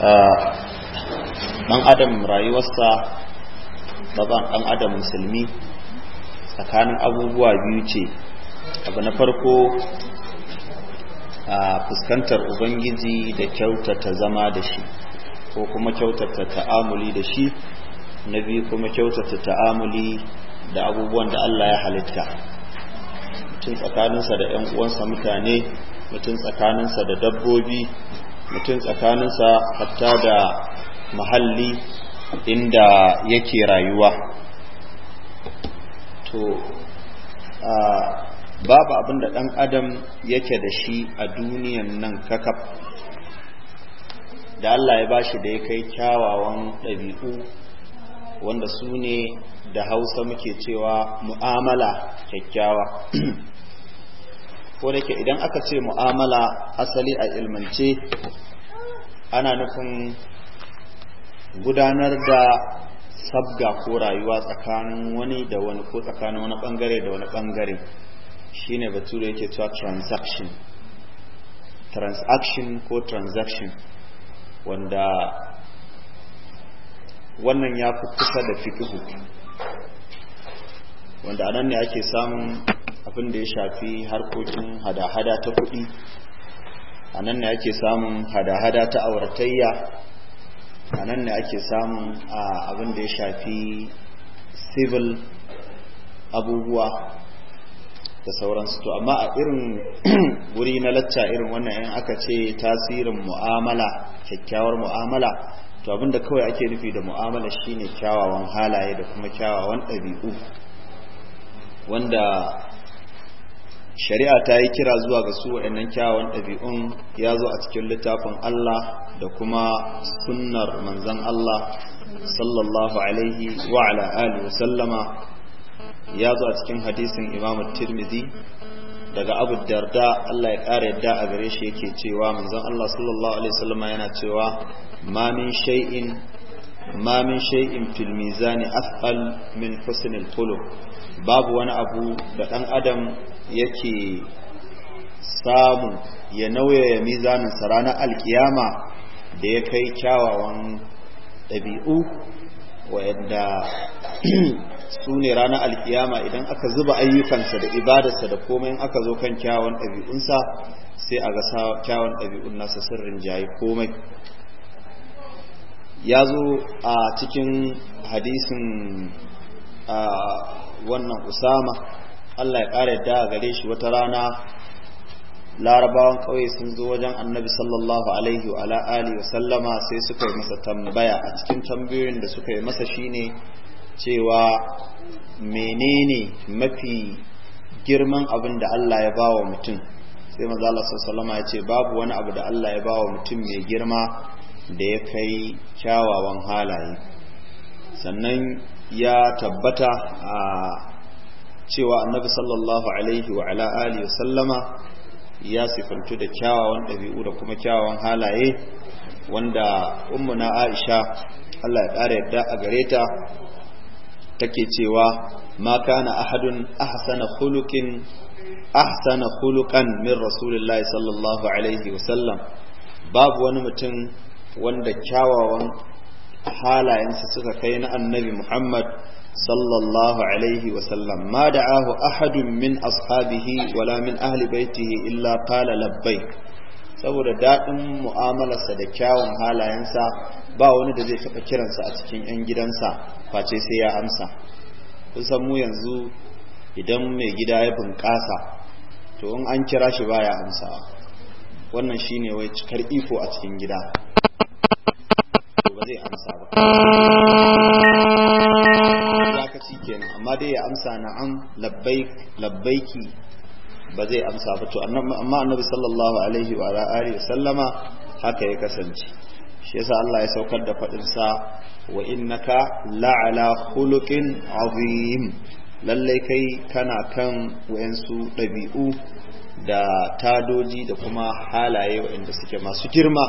Uh, dan adam rayuwarsa baban dan adam musulmi tsakanin abubuwa biyu ce abu na farko a uh, fuskantar ubangiji da kyautata zama da shi ko kuma kyautata ta'amuli da shi na biyu kuma kyautata ta'amuli da abubuwan da Allah ya halitta tun tsakaninsa da 'yan uwansa mutane mutum tsakaninsa da dabbobi mutum tsakaninsa hatta da mahalli inda yake rayuwa to babu abin da ɗan adam yake da shi a duniyan nan kakaf da Allah ya bashi da ya kai kyawawan ɗabi'u wanda su ne da hausa muke cewa mu'amala kyakkyawa ko da ke idan aka ce mu'amala asali a ilmance ana nufin gudanar da sabga ko rayuwa tsakanin wani da wani ko tsakanin wani bangare da wani bangare shine bature yake cewa transaction transaction ko transaction wanda wannan ya fi kusa da fikihu wanda anan ne ake samun abin da ya shafi harkokin hada-hada ta kuɗi a nan ne ake samun hada-hada ta auratayya a nan ne ake samun abin da ya shafi civil abubuwa da sauransu to amma a irin wuri na lacca irin wannan yan aka ce tasirin mu'amala kyakkyawar mu'amala to abinda kawai ake nufi da mu'amala shine kyawawan halaye da kuma kyawawan ɗabi'u wanda shari'a ta yi kira zuwa ga su waɗannan kyawun ɗabi'un ya zo a cikin littafin Allah da kuma sunnar manzan Allah sallallahu alaihi wa ala alihi sallama ya zo a cikin hadisin Imam Tirmidhi daga Abu Darda Allah ya ƙara yadda a gare shi yake cewa manzan Allah sallallahu alaihi wa sallama yana cewa ma min shay'in ma min shay'in fil mizani afqal min husnil qulub babu wani abu da dan adam yake samu ya nauya ya mizanin ranar alkiyama da ya kai kyawawan ɗabi'u wadda su ne ranar alkiyama idan aka zuba ayyukansa da ibadarsa da komai aka zo kan kyawawan ɗabi'unsa sai a ga kyawawan ɗabi'un nasa sirrin jayi komai ya zo a cikin hadisin wannan usama Allah ya ƙara yadda a gare shi wata rana larabawan ƙauye sun zo wajen annabi sallallahu alaihi wa alaali wa sallama sai suka yi masa tambaya a cikin tambayoyin da suka yi masa shine cewa menene mafi girman abin da Allah ya bawa mutum sai maza Allah sallama ya ce babu wani abu da Allah ya bawa mutum mai girma da ya kai kyawawan halaye sannan ya tabbata a cewa annabi sallallahu alaihi wa ala alihi sallama ya sifantu da kyawawan ɗabi'u da kuma kyawawan halaye wanda ummuna Aisha Allah ya kare yadda a gare ta take cewa ma kana ahadun ahsana khuluqin ahsana khuluqan min rasulillahi sallallahu alaihi wa sallam babu wani mutum wanda kyawawan halayensa suka kai na annabi Muhammad sallallahu alaihi وسلم ما دعاه أحد min ashabihi wala min ahli baitihi illa قال لبيك saboda daɗin mu'amalarsa da kyawun halayensa ba wani da zai taɓa kiransa a cikin 'yan gidansa face sai ya amsa kusan mu yanzu idan mai gida ya bunƙasa to in an kira shi baya amsa. wannan shi ne wai cikar iko a cikin gida to ba zai amsa ba kenan amma dai ya amsa na'am an labbaiki ba zai amsa ba to amma annabi sallallahu alaihi wa alihi sallama haka ya kasance shi yasa Allah ya saukar da fadin sa wa innaka la'ala khuluqin azim lallai kai kana kan wayansu dabi'u da tadoji da kuma halaye wa'anda suke masu girma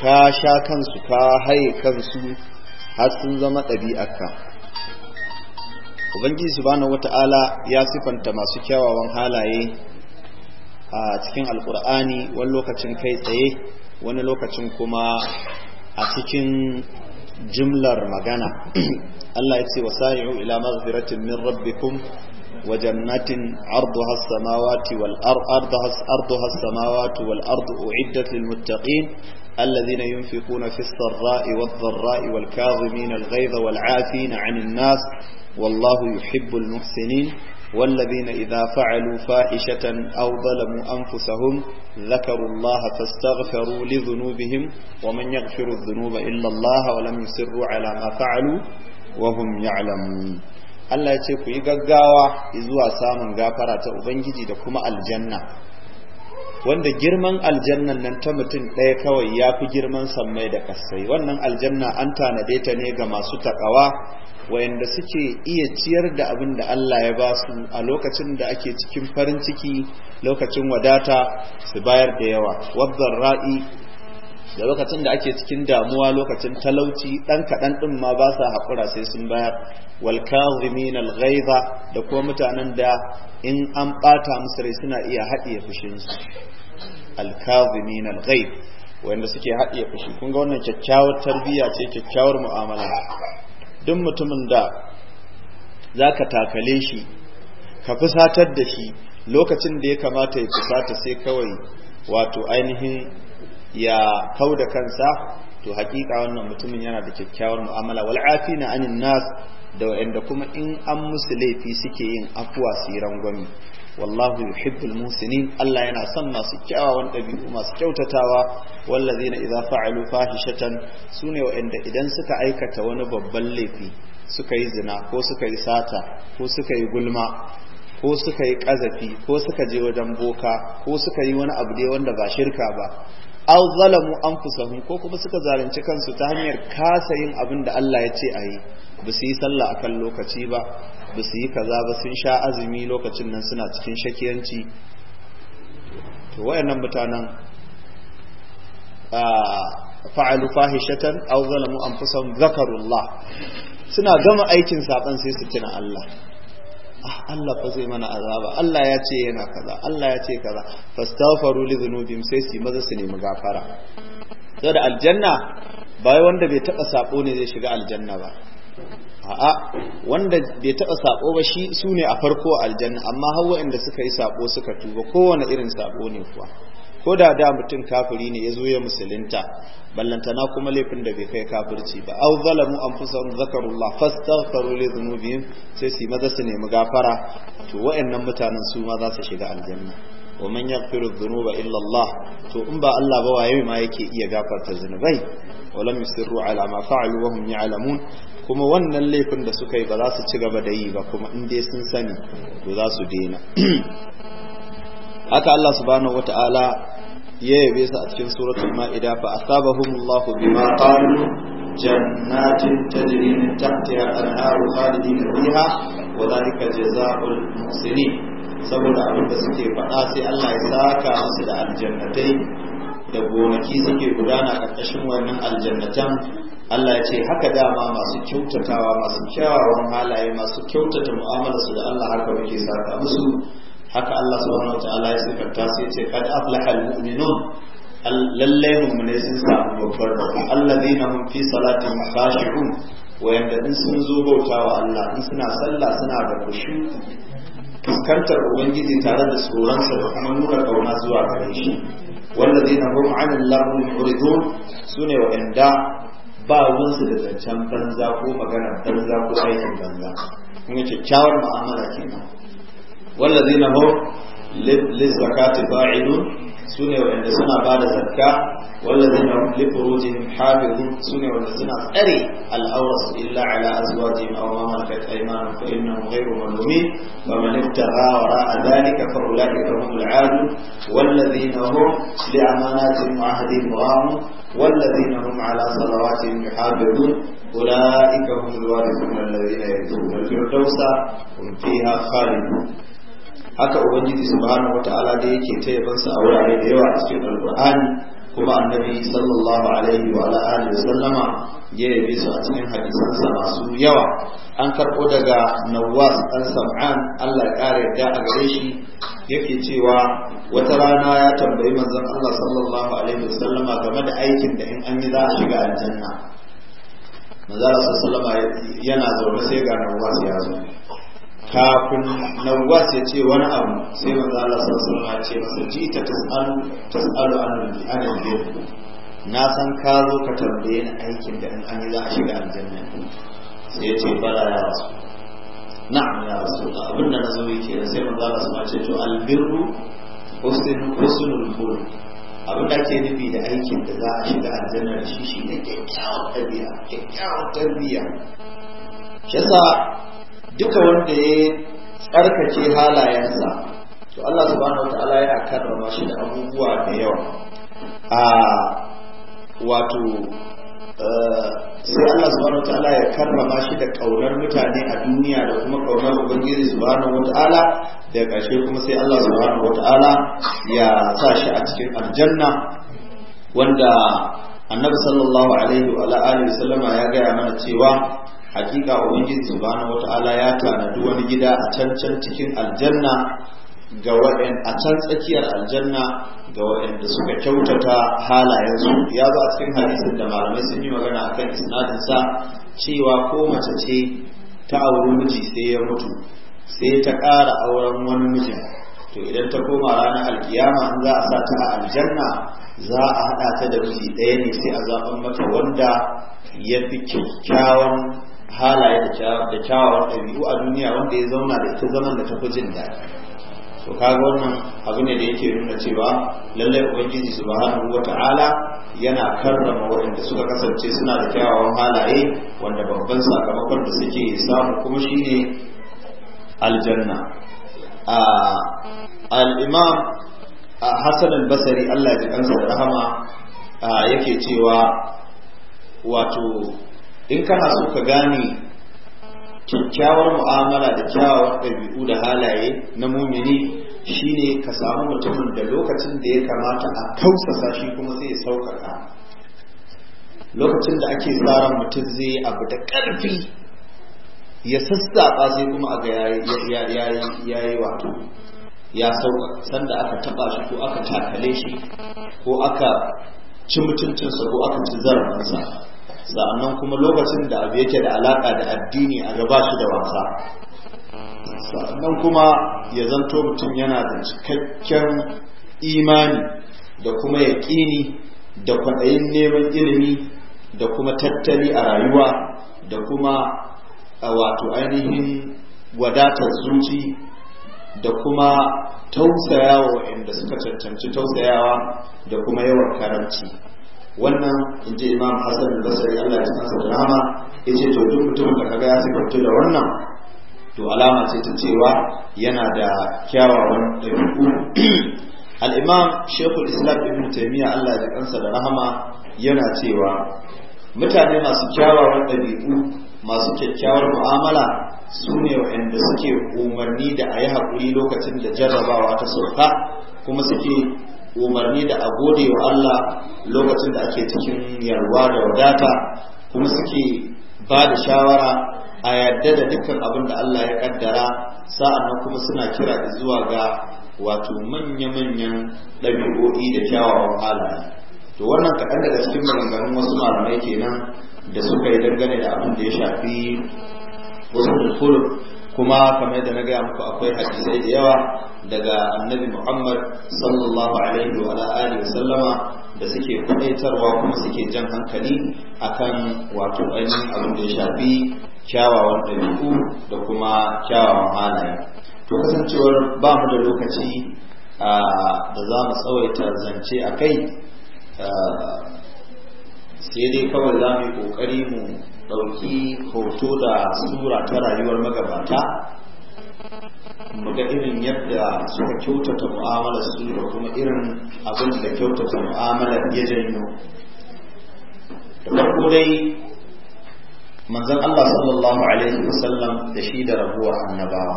ka sha kansu ka haye kansu har sun zama ɗabi'arka ubangiji subhanahu wata'ala ya sifanta masu kyawawan halaye a cikin alkur'ani wani lokacin kai tsaye wani lokacin kuma a cikin jimlar magana Allah ya ce wa sa'i'u ila maghfiratin min rabbikum wa jannatin arduha as-samawati wal arduha as-samawati wal ardu u'iddat lil muttaqin alladhina yunfiquna fis-sarra'i wadh-dharra'i wal kadhimina al-ghayza wal 'afina 'anil nas والله يحب المحسنين والذين إذا فعلوا فاحشة أو ظلموا أنفسهم ذكروا الله فاستغفروا لذنوبهم ومن يغفر الذنوب إلا الله ولم يسروا على ما فعلوا وهم يعلمون Allah ya ce ku yi gaggawa zuwa samun gafara ta Ubangiji da kuma aljanna wanda girman aljannan nan ta mutum ɗaya kawai ya fi girman sammai da ƙasai wannan aljanna an tanade ta ne ga masu taƙawa wayanda suke iya ciyar da abin da Allah ya ba su a lokacin da ake cikin farin ciki lokacin wadata su bayar da yawa wadda ra'i da lokacin da ake cikin damuwa lokacin talauci dan kaɗan ɗin ma ba sa haƙura sai sun bayar wal kazimin al da kuma mutanen da in an ɓata musu rai suna iya haɗiye fushinsu al kazimin al wanda suke haɗiye fushi kun ga wannan kyakkyawar tarbiyya ce kyakkyawar mu'amala duk mutumin da zaka takale shi ka fusatar da shi lokacin da ya kamata ya fusata sai kawai wato ainihin ya kau da kansa to hakika wannan mutumin yana da kyakkyawar mu'amala wal afina anin nas da wanda kuma in an musu laifi suke yin afuwa su yi rangwami wallahu yuhibbul musinin Allah yana son masu kyawawan ɗabi'u masu kyautatawa wallazina idza fa'alu fahishatan sune wanda idan suka aikata wani babban laifi suka yi zina ko suka yi sata ko suka yi gulma ko suka yi kazafi ko suka je wajen boka ko suka yi wani abu dai wanda ba shirka ba aw zalamu anfusahum ko kuma suka zalunci kansu ta hanyar kasa yin abin da Allah ya ce a yi ba su yi sallah akan lokaci ba ba su yi kaza ba sun sha azumi lokacin nan suna cikin shakiyanci to wayannan mutanen fa'alu fahishatan aw zalamu anfusahum zakarullah suna gama aikin saban sai su tuna Allah Ah, Allah fa zai mana azaba Allah ya ce yana kaza Allah ya ce kaza fastaghfiru li dhunubihim sai su maza su nemi gafara saboda aljanna bai wanda bai taba sabo ne zai shiga aljanna ba a'a wanda bai taba sabo ba shi sune a farko aljanna amma har inda suka yi sabo suka tuba kowane irin sabo ne kuwa ko da da mutum kafiri ne ya zo ya musulunta ballantana kuma laifin da bai kai kafirci ba aw zalamu anfusahum zakarullah fastaghfiru li dhunubihim sai su maza su nemi gafara to wayannan mutanen su ma za su shiga aljanna wa man yaghfiru dhunuba illa Allah to in ba Allah ba waye ma yake iya gafarta zunubai walam yusirru ala ma fa'alu wa hum ya'lamun kuma wannan laifin da suka yi ba za su ci gaba da yi ba kuma in dai sun sani to za su daina haka Allah subhanahu wata'ala ya yabe su a cikin suratul ma'ida fa asabahumullahu bima qalu jannatin tajri min tahtiha al-anharu khalidin fiha wa dhalika jazaa'ul muhsinin saboda abin da suke faɗa sai Allah ya saka musu da aljannatai da gonaki suke gudana ƙarƙashin wannan aljannatan Allah ya ce haka dama masu kyautatawa masu kyawawan halaye masu kyautata mu'amalarsu da Allah haka muke saka musu haka Allah subhanahu wataala ya sifanta sai ce kad aflahal mu'minun lallai mu'mine sun samu babbar rabo alladhina hum fi salatihim khashi'un wayanda in sun zo bautawa Allah in suna sallah suna da kushu fuskantar ubangiji tare da tsoronsa da kuma nuna kauna zuwa gare shi walladhina hum 'ala allahi mu'ridun sune wa'anda ba wansu da zancen banza ko maganar banza ko aikin banza kuma kyakkyawar ma'amala kenan والذين هم للزكاة فاعلون سنة وعند سنة بعد زكاة والذين هم لفروجهم حافظون سنة وعند سنة أري الأورص إلا على أزواجهم أو ما ملكت أيمانهم فإنهم غير ملومين فمن ابتغى وراء ذلك فأولئك هم العادون والذين هم لأماناتهم وعهدهم غامون والذين هم على صلواتهم يحافظون أولئك هم الوارثون الذين يرثون الفردوس هم فيها خالدون haka ubangiji subhanahu wataala da yake ta sa a wurare da yawa a cikin alqur'ani kuma annabi sallallahu alaihi wa alihi wa sallama ya yabe su a cikin sa masu yawa an karbo daga nawas an Sam'an Allah ya kare da a gare shi yake cewa wata rana ya tambayi manzon Allah sallallahu alaihi wa sallama game da aikin da in an yi za a shiga aljanna manzon Allah sallallahu alaihi wa sallama yana zaune sai ga nawas ya zo kafin nawas ya ce wani abu sai manzo Allah sallallahu alaihi ce masa ji ta tasalu tasalu an an na san ka zo ka tambaye ni aikin da in an yi za a shiga aljanna sai ya ce bala ya rasu na'am ya rasu abin da nazo yake sai manzo Allah sallallahu alaihi ce to albirru husnul khuluq abin da ke nufi da aikin da za a shiga aljanna shi shi ne kyakkyawar ɗabi'a kyakkyawar tarbiyya shi yasa duka wanda ya tsarkake halayensa to Allah subhanahu wataala ya karrama shi da abubuwa da yawa a wato eh, sai Allah subhanahu wataala ya karrama shi da kaunar mutane a duniya da kuma kaunar ubangiji subhanahu wataala da ƙarshe kuma sai Allah subhanahu wataala ya sa shi a cikin aljanna wanda annabi sallallahu alaihi wa alihi wasallama ya gaya mana cewa hakika ubangiji subhanahu wata'ala ya tanadi wani gida a can can cikin aljanna ga wa'in a can tsakiyar aljanna ga waɗanda suka kyautata halayen halayensu ya zo a cikin hadisin da malamai sun yi magana akan isnadin sa cewa ko mace ce ta auri miji sai ya mutu sai ta ƙara auren wani mijin to idan ta koma ranar alkiyama in za a sa ta a aljanna za a haɗa ta da miji ɗaya ne sai a zaɓen mata wanda ya fi kyakkyawan halaye da kyawawan ɗabi'u a duniya wanda ya zauna da ita zaman da tafi jin daɗi to kaga wannan abu ne da yake nuna cewa lallai ubangiji subhanahu wata'ala yana karrama waɗanda suka kasance suna da kyawawan halaye wanda babban sakamakon da suke samu kuma shine aljanna al-imam Hassan al-Basri Allah ya kansa da rahama yake cewa wato in kana so ka gane kyakkyawar mu'amala da kyawar ɗabi'u da halaye na mumini shine ka samu mutumin da lokacin da ya kamata a tausasa shi kuma zai saukaka. lokacin da ake tsarin mutum zai abu da ƙarfi ya sassaɓa sai kuma a ga yayi wato ya sauka sanda aka taba shi ko aka takale shi ko aka ci mutuncinsa ko aka ci zarafinsa sa'annan kuma lokacin da abu yake da alaka da addini a gaba shi da wasa sa'annan kuma ya zanto mutum yana da cikakken imani da kuma yaƙini da kwaɗayin neman ilimi da kuma tattali a rayuwa da kuma a wato ainihin wadatar zuci da kuma tausayawa inda suka cancanci tausayawa da kuma yawan karamci wannan in ji imam hassan basari allah ya kansa da rama ya ce to duk mutumin da kaga ya sifantu da wannan to alama ce ta cewa yana da kyawawan ɗabi'u al'imam shekul islam ibn taimiyya allah ya kansa da rahama yana cewa mutane masu kyawawan ɗabi'u masu kyakkyawar mu'amala su ne wa'anda suke umarni da a yi haƙuri lokacin da jarrabawa ta sauka kuma suke umarni da a gode wa Allah lokacin da ake cikin yarwa da wadata kuma suke ba da shawara a yadda da dukkan abin da Allah ya kaddara nan kuma suna kira zuwa ga wato manya-manyan ɗabi'o'i da kyawawan halaye to wannan kaɗan daga cikin maganganun wasu malamai kenan da suka yi dangane da abin da ya shafi wasu kuma kamar da na gaya muku akwai hadisai da yawa daga annabi Muhammad sallallahu alaihi wa alihi wa sallama da suke kudaitarwa kuma suke jan hankali akan wato ainihin abin da ya shafi kyawawan ɗabi'u da kuma kyawawan halaye to kasancewar ba mu da lokaci da za mu tsawaita zance a kai sai dai kawai za mu yi ƙoƙari mu ɗauki hoto da sura ta rayuwar magabata ga irin yadda suka kyautata mu'amalar su da kuma irin abin da kyautata mu'amalar ya janyo da farko dai manzon Allah sallallahu alaihi wasallam da shi da rabuwar annabawa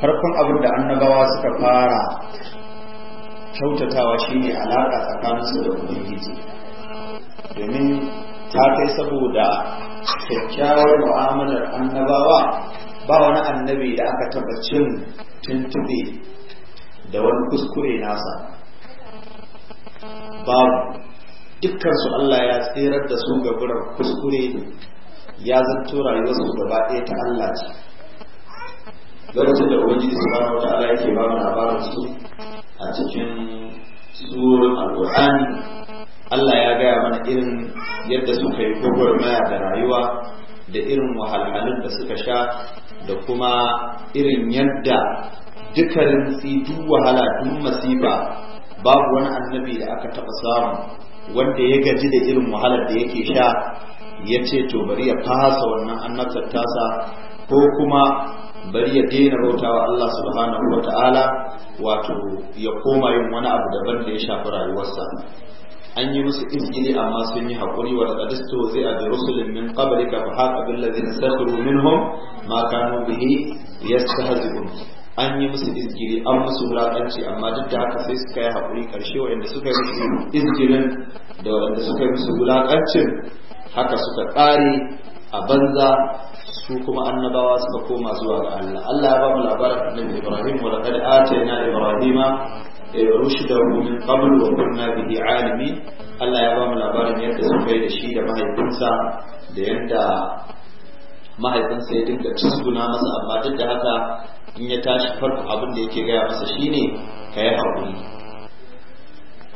farkon abin da annabawa suka fara kyautatawa shine alaƙa tsakaninsu da ubangiji domin ta kai saboda kyakkyawar mu'amalar annabawa ba wani annabi da aka taba cin tuntube da wani kuskure nasa babu dukkansu Allah ya tserar da su ga gaburar kuskure ya zanto su gaba ɗaya ta Allah ce lokacin da su ba wata ala yake ba mu labarin su a cikin surun alqur'ani Allah ya gaya mana irin yadda suka yi maya da rayuwa da irin wahalhalun da suka sha da kuma irin yadda duka wahala duk masifa babu wani annabi da aka taɓa samu wanda ya gaji da irin wahalar da yake sha ya ce to bari ya fasa wannan annabtar tasa ko kuma bari ya daina bautawa Allah subhanahu wa ta'ala wato ya koma yin wani abu daban da ya shafi rayuwarsa an yi musu izgili amma sun yi haƙuri wa laqad zai bi rusulin min qablika fa haqa bil ladina sakharu minhum ma kanu bihi yastahzi'un an yi musu izgili an musu wulaƙanci amma duk da haka sai suka yi haƙuri ƙarshe waɗanda suka yi musu izgilin da waɗanda suka yi musu wulaƙancin haka suka ƙare a banza su kuma annabawa suka koma zuwa ga Allah Allah ya ba mu labarin annabi Ibrahim wa laqad atayna Ibrahima rushdahu min qabl wa kunna bihi alimi Allah ya ba mu labarin yadda sun kai da shi da mahaifinsa da yadda mahaifinsa ya dinga tusguna masa amma duk da haka in ya tashi farko abin da yake gaya masa shine ka yi haƙuri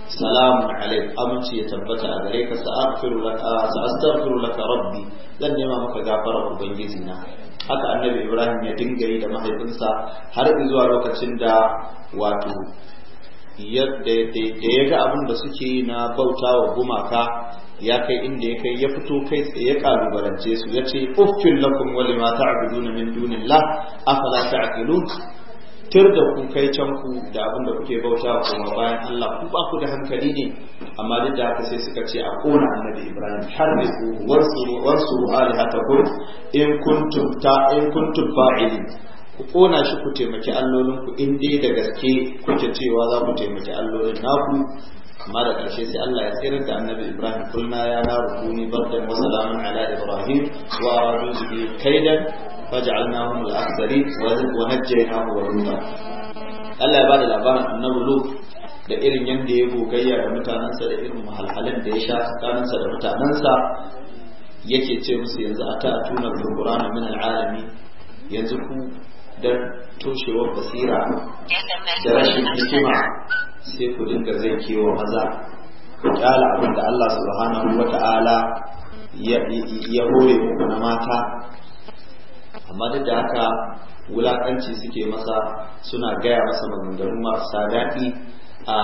Salamu alaik aminci ya tabbata a gare ka sa'astaghfiru laka rabbi zan nema maka gafara ubangiji na haka annabi ibrahim ya dinga yi da mahaifinsa har zuwa lokacin da wato yadda da ya ga abin da suke na bauta wa gumaka ya kai inda ya kai ya fito kai tsaye ya kalubalance su ya ce uffin lakum wa lima ta'buduna min dunillah afala ta'qilun tir da ku kai can ku da abin da kuke bauta wa kuma bayan Allah ku ba ku da hankali ne amma duk da haka sai suka ce a kona annabi Ibrahim har ne ku warsu warsu alihatakum in kuntum ta in kuntum fa'ilin ku kona shi ku taimaki allolin ku in dai da gaske kuke cewa za ku taimaki allolin naku amma da ƙarshe sai Allah ya tsirar da annabi Ibrahim kulna ya na rukuni bardan wasu salamun ala Ibrahim wa aradu bi kaidan faj'alnahum al-akhsari wa najjaynahu wa lutan Allah ya bada labarin annabi Lut da irin yadda ya gogayya da mutanensa da irin mahalhalin da ya sha tsakaninsa da mutanensa yake ce musu yanzu a ta tuna da Qur'ani min yanzu ku don toshewar basira da rashin hikima sai ku dinga zai kewa maza ku kyala abin da Allah subhanahu wa ta'ala ya hore muku na mata amma duk da haka wulakanci suke masa suna gaya masa maganganu marasa daɗi a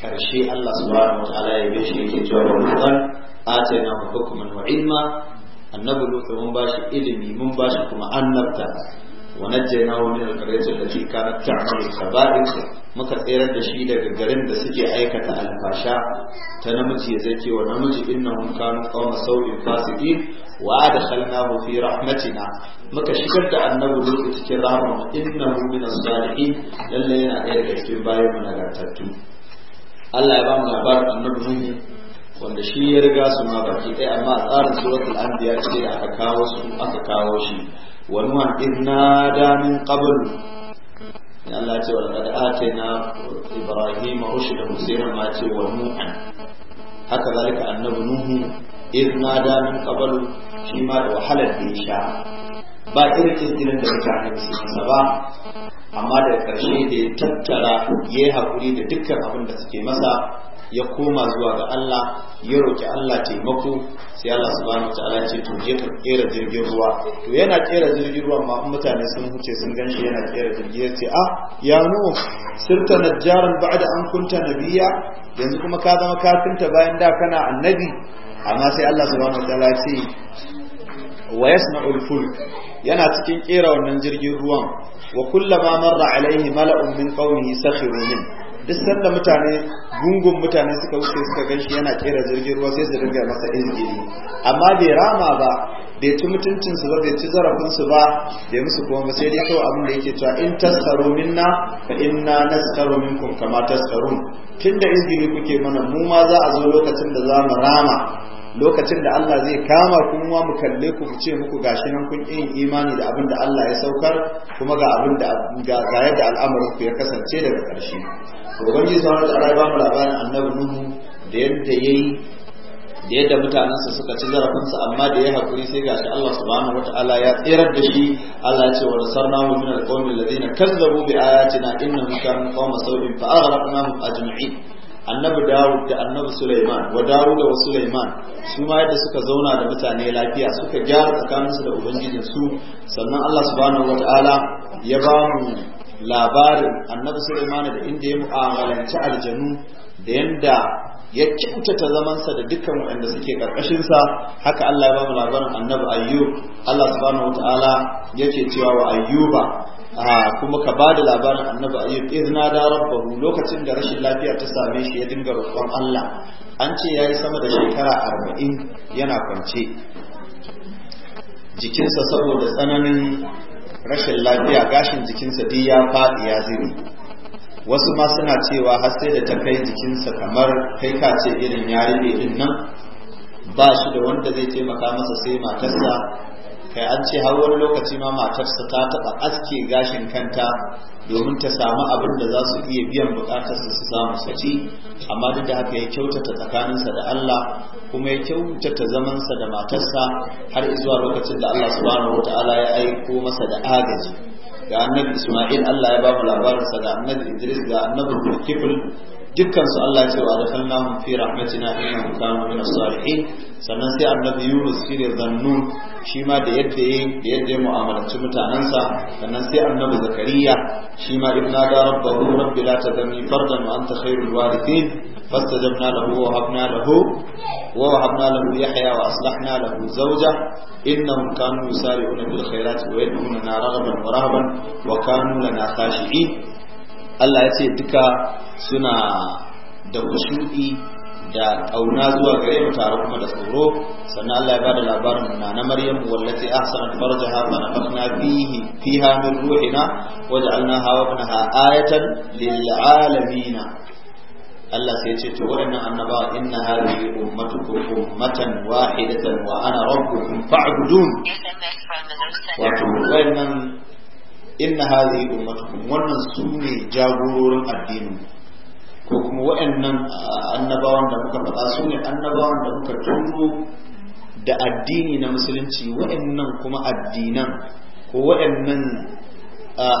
ƙarshe Allah subhanahu wa ta'ala ya bishe yake cewa wa mutan atayna hukuman wa ilma annabi mun bashi ilimi mun bashi kuma annabta ونجيناه من القرية التي كانت تعمل الكبائر muka tsere da shi daga garin da suke aikata alfasha ta namiji ya zake wa namiji innahum kanu qawma sau'in fasiqin wa adkhalnahu fi rahmatina muka shigar da annabi Lut cikin rahmar innahu min as-salihin lalle yana ɗaya daga cikin bayan mu Allah ya ba mu labarin annabi ne, wanda shi ya riga su ma baki ɗaya amma a tsarin suratul anbiya ce aka kawo su aka kawo shi wa nuha idh nada min qabl ya Allah ce wa laqad atayna ibrahima rushdahu sirran ma ce wa nuha haka zalika annabi nuhu idh nada min qabl shi ma da wahalar da ya sha ba irin kirkirin da mutane hanci ba amma da ƙarshe da ya tattara ya hakuri da dukkan abin da suke masa ya koma zuwa ga Allah ya roki Allah taimako sai Allah subhanahu wataala ya ce to je ka kera jirgin ruwa to yana kera jirgin ruwa ma mutane sun huce sun ganshi yana kera jirgin ya ce ah ya nu sirta najjaran ba'da an kunta nabiyya yanzu kuma ka zama kafinta bayan da kana annabi amma sai Allah subhanahu wataala ya ce wa yasna'ul ulful yana cikin kera wannan jirgin ruwan wa kullama marra alaihi mala'un min qaumihi sakhiru min duk sanda mutane gungun mutane suka wuce suka gan shi yana kera jirgin ruwa sai su dinga masa izgiri amma bai rama ba bai ci mutuncinsu ba bai ci zarafinsu ba bai musu kuma sai dai kawai abin da yake cewa in tasaro minna fa inna nasaro minkum kama tasarun tunda izgiri kuke mana mu ma za a zo lokacin da za mu rama lokacin da Allah zai kama ku wa mu kalle ku mu ce muku gashi nan kun yin imani da abin da Allah ya saukar kuma ga abin da ga yadda al'amarin ku ya kasance daga ƙarshe ubangiji subhanahu wataala ya ba mu labarin annabi nuhu da yadda yayi da yadda mutanensa suka ci zarafinsa amma da ya haƙuri sai gashi Allah subhanahu wata'ala ya tsirar da shi Allah ya ce wa nasarnahu min alqawmi alladhina kazzabu bi ayatina innahum kanu qawma sawin fa aghraqnahum ajma'in annabi Dawud da annabi Sulaiman wa Dawud da Sulaiman su ma yadda suka zauna da mutane lafiya suka gyara tsakaninsu da su sannan Allah subhanahu wata'ala ya ba mu labarin annabi Sulaiman da inda ya mu'amalanci aljanu da yanda ya kyautata zamansa da dukkan waɗanda suke sa haka Allah ya bamu labarin annabi ayyub Allah subhanahu wataala yake cewa wa ayyuba ah, kuma ka ba da labarin annabi ayyub izna da rabbahu lokacin da rashin lafiya ta same shi ya dinga roƙon Allah an ce yayi sama da shekara arba'in yana kwance jikinsa saboda tsananin rashin lafiya gashin jikinsa duk ya faɗi ya zube wasu ma suna cewa har sai da ta kai jikinsa kamar kai ka ce irin ya rube din nan ba shi da wanda zai taimaka masa sai matarsa kai an ce har wani lokaci ma matarsa ta taɓa aske gashin kanta domin ta samu abin da za su iya biyan bukatar su samu saci amma duk da haka ya kyautata tsakaninsa da Allah kuma ya kyautata zamansa da matarsa har zuwa lokacin da Allah subhanahu wataala ya aiko masa da agaji ga annabi Isma'il Allah ya ba mu labarinsa ga annabi Idris ga annabi Kifl dukkan su Allah ce wa dafannahum fi rahmatina innahu kana min as-salihin sannan sai annabi Yunus shi ne zannun shi ma da yadda yayi da yadda ya mu'amalanci mutanansa sannan sai annabi Zakariya shi ma ibna da rabbahu rabbi la tadani fardan wa anta khairul warithin فاستجبنا له ووهبنا له ووهبنا له يحيى واصلحنا له زوجه انهم كانوا يسارعون بالخيرات ويدعوننا رغبا wa وكانوا لنا خاشعين Allah ya ce duka suna da kushu'i da auna zuwa gare mu tare kuma da tsoro sannan Allah ya ba da labarin na na Maryam wallati ahsanat farjaha fa nafakhna fihi fiha min ruhina wa ja'alnaha wa ibnaha ayatan lil alamin Allah sai ce to wannan annaba inna hadhihi ummatukum ummatan wahidatan wa ana rabbukum fa'budun wato waɗannan inna hadhihi ummatukum wannan su ne jagororin addinin ko kuma waɗannan annabawan da muka faɗa su ne annabawan da muka turo da addini na musulunci waɗannan kuma addinan ko waɗannan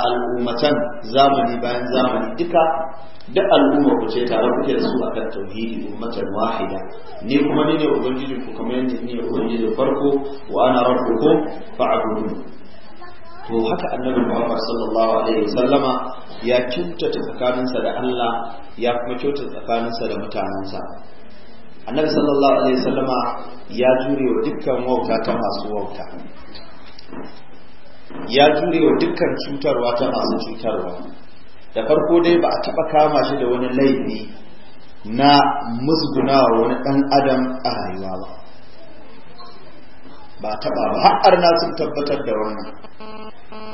al'ummatan zamani bayan zamani duka duk al'umma ku ce tare kuke da su a kan tauhidi ummatan wahida ni kuma ni ne ubangiji ku kamar yadda ni ne ubangiji farko wa ana rabbukum fa'budun to haka annabi Muhammad sallallahu alaihi wasallama ya kyautata tsakaninsa da Allah ya kuma kyautata tsakaninsa da mutanensa annabi sallallahu alaihi wasallama ya jure wa dukkan wauta ta masu wauta ya jure wa dukkan cutarwa ta masu cutarwa da farko dai ba a taba kama shi da wani laifi na musgunawa wani dan adam a rayuwa ba ba taba ba har na sun tabbatar da wannan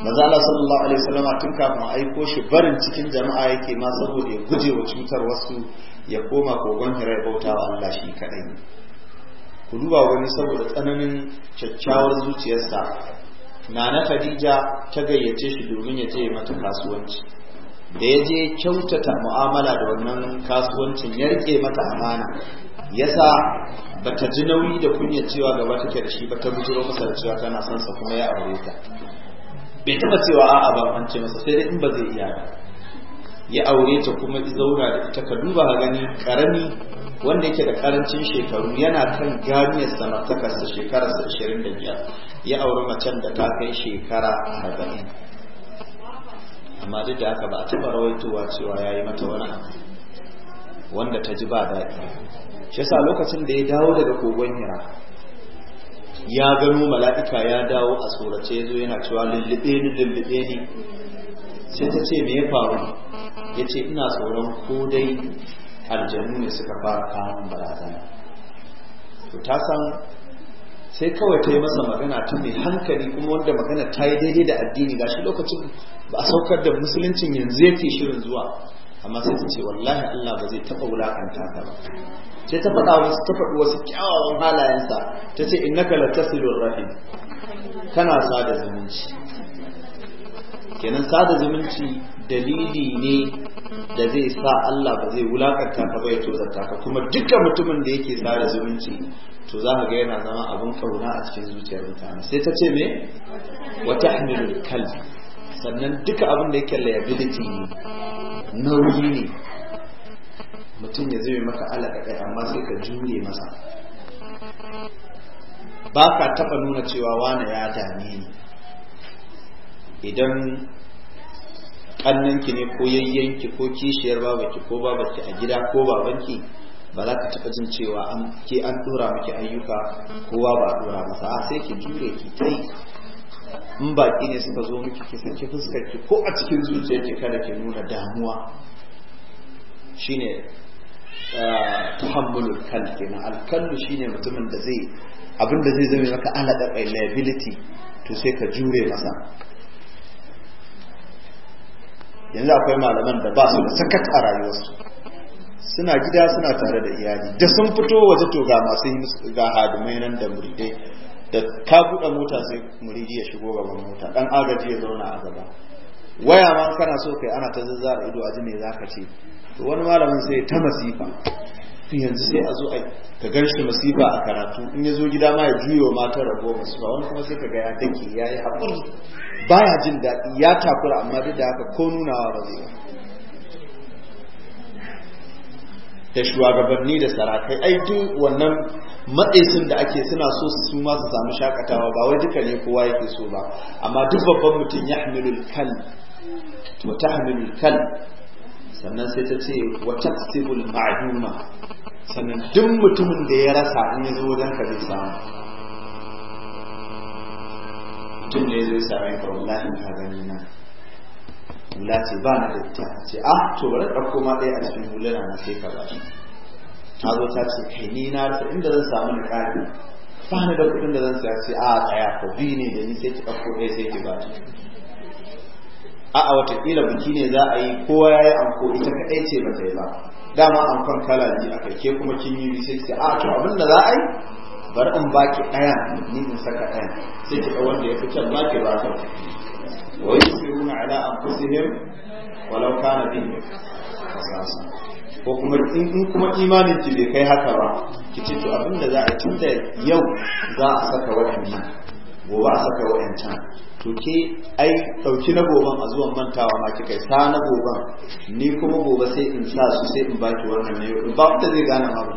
maza Allah sallallahu alaihi wasallam tun kafin aiko shi barin cikin jama'a yake ma saboda ya guje wa cutar wasu ya koma kogon hirar bautawa Allah shi kadai ku duba wani saboda tsananin kyakkyawar zuciyarsa nana Khadija ta gayyace shi domin ya je mata kasuwanci da ya je kyautata mu'amala da wannan kasuwancin ya rike mata amana yasa bata ji nauyi da kunya cewa gaba take da shi ba ta bujiro masa cewa tana son sa kuma ya aure ta bai taba cewa a'a ba an ce masa sai dai in ba zai iya ba ya aure ta kuma zauna da ita ka duba ka gani karami wanda yake da karancin shekaru yana kan ganiyar samartakarsa da 25 ya auri macen da ta kai shekara 40 amma duk da haka ba a taba rawaitowa cewa ya yi mata wani abu wanda ta ji ba daɗi shi yasa lokacin da ya dawo daga kogon hira ya gano mala'ika ya dawo a tsorace ya zo yana cewa lullube ni lullube ni sai ta ce me ya faru ya ce ina tsoron ko dai aljanu ne suka fara kamun barazana to ta san sai kawai ta yi masa magana ta mai hankali kuma wanda magana ta yi daidai da addini gashi lokacin ba a saukar da musuluncin yanzu yake shirin zuwa amma sai ta ce wallahi Allah ba zai taɓa wulakanta ka ba sai ta faɗa wasu ta faɗi wasu kyawawan halayensa ta ce innaka latasilur rahim kana sada zumunci kenan sada zumunci dalili ne da zai sa Allah ba zai wulakanta ka ba ya tozarta ka kuma duka mutumin da yake sada zumunci to za ka ga yana zama abin ƙauna a cikin zuciyar mutane sai ta ce me wata tahmilul kalbi sannan duka abin da yake liability ne nauyi ne mutum ya zai maka alaka kai amma sai ka jure masa ba ka taɓa nuna cewa wane ya dame ni idan ƙannanki ne ko yayyanki ko kishiyar babaki ko babaki a gida ko babanki ba za ka taɓa jin cewa ke an dora miki ayyuka kowa ba a ɗora masa a sai ki jure ki ta in baki ne suka zo miki ki saki fuskar ki ko a cikin zuciyar ki kada ki nuna damuwa shine eh, tahammulul kal kenan alkallu shine mutumin da zai abin da zai zame maka alaka liability to sai ka jure masa yanzu akwai malaman da ba su da sakat a rayuwarsu suna gida suna tare da iyali da sun fito waje to ga masu ga hadimai nan da muridai da ka buɗe mota sai muridi ya shigo gaban mota dan agaji ya zauna a gaba waya ma kana so kai ana ta zazzara ido a ji me zaka ce to wani malamin sai ta masifa yanzu sai a zo a ka gan shi masifa a karatu in ya zo gida ma ya juyo mata rago masifa wani kuma sai ka ga ya dake ya yi haƙuri baya jin daɗi ya takura amma duk da haka ko nunawa ba zai ba da shugabanni da sarakai ai duk wannan matsayin da ake suna so su ma su samu shakatawa ba wai duka ne kowa yake so ba amma duk babban mutum ya hamilu kal to ta hamilu kal sannan sai ta ce wata taqsibul ma'aduma sannan duk mutumin da ya rasa in ya zo wajen ka zai samu mutum ne zai same ka wallahi ka gani na hula ce ba na da ita ce ah to bari ɗauko ma ɗaya a cikin huluna na sai ka ba ta zo ta ce kai ni na rasa inda zan samu ni ƙari ba ni da kuɗin da zan siya sai a tsaya ko bi ne da ni sai ki dauko dai sai ki ba ta a'a kila biki ne za a yi kowa ya yi anko ita kaɗai ce ba ta yi ba dama kan kala ji a ke kuma kin yi bi sai a to abin da za a yi bari in baki ɗaya ni in saka ɗaya sai ki wanda ya fice can baki ba ka wa mun ala anfusihim walau kana bihim fasasa ko kuma in kuma imanin ki bai kai haka ba ki ce to abinda za a da yau za a saka waɗannan gobe a saka waɗancan to ke ai ɗauki na goban a zuwan mantawa ma kika sa na goban ni kuma gobe sai in sa su sai in baki wannan ne ba da zai gane ma ba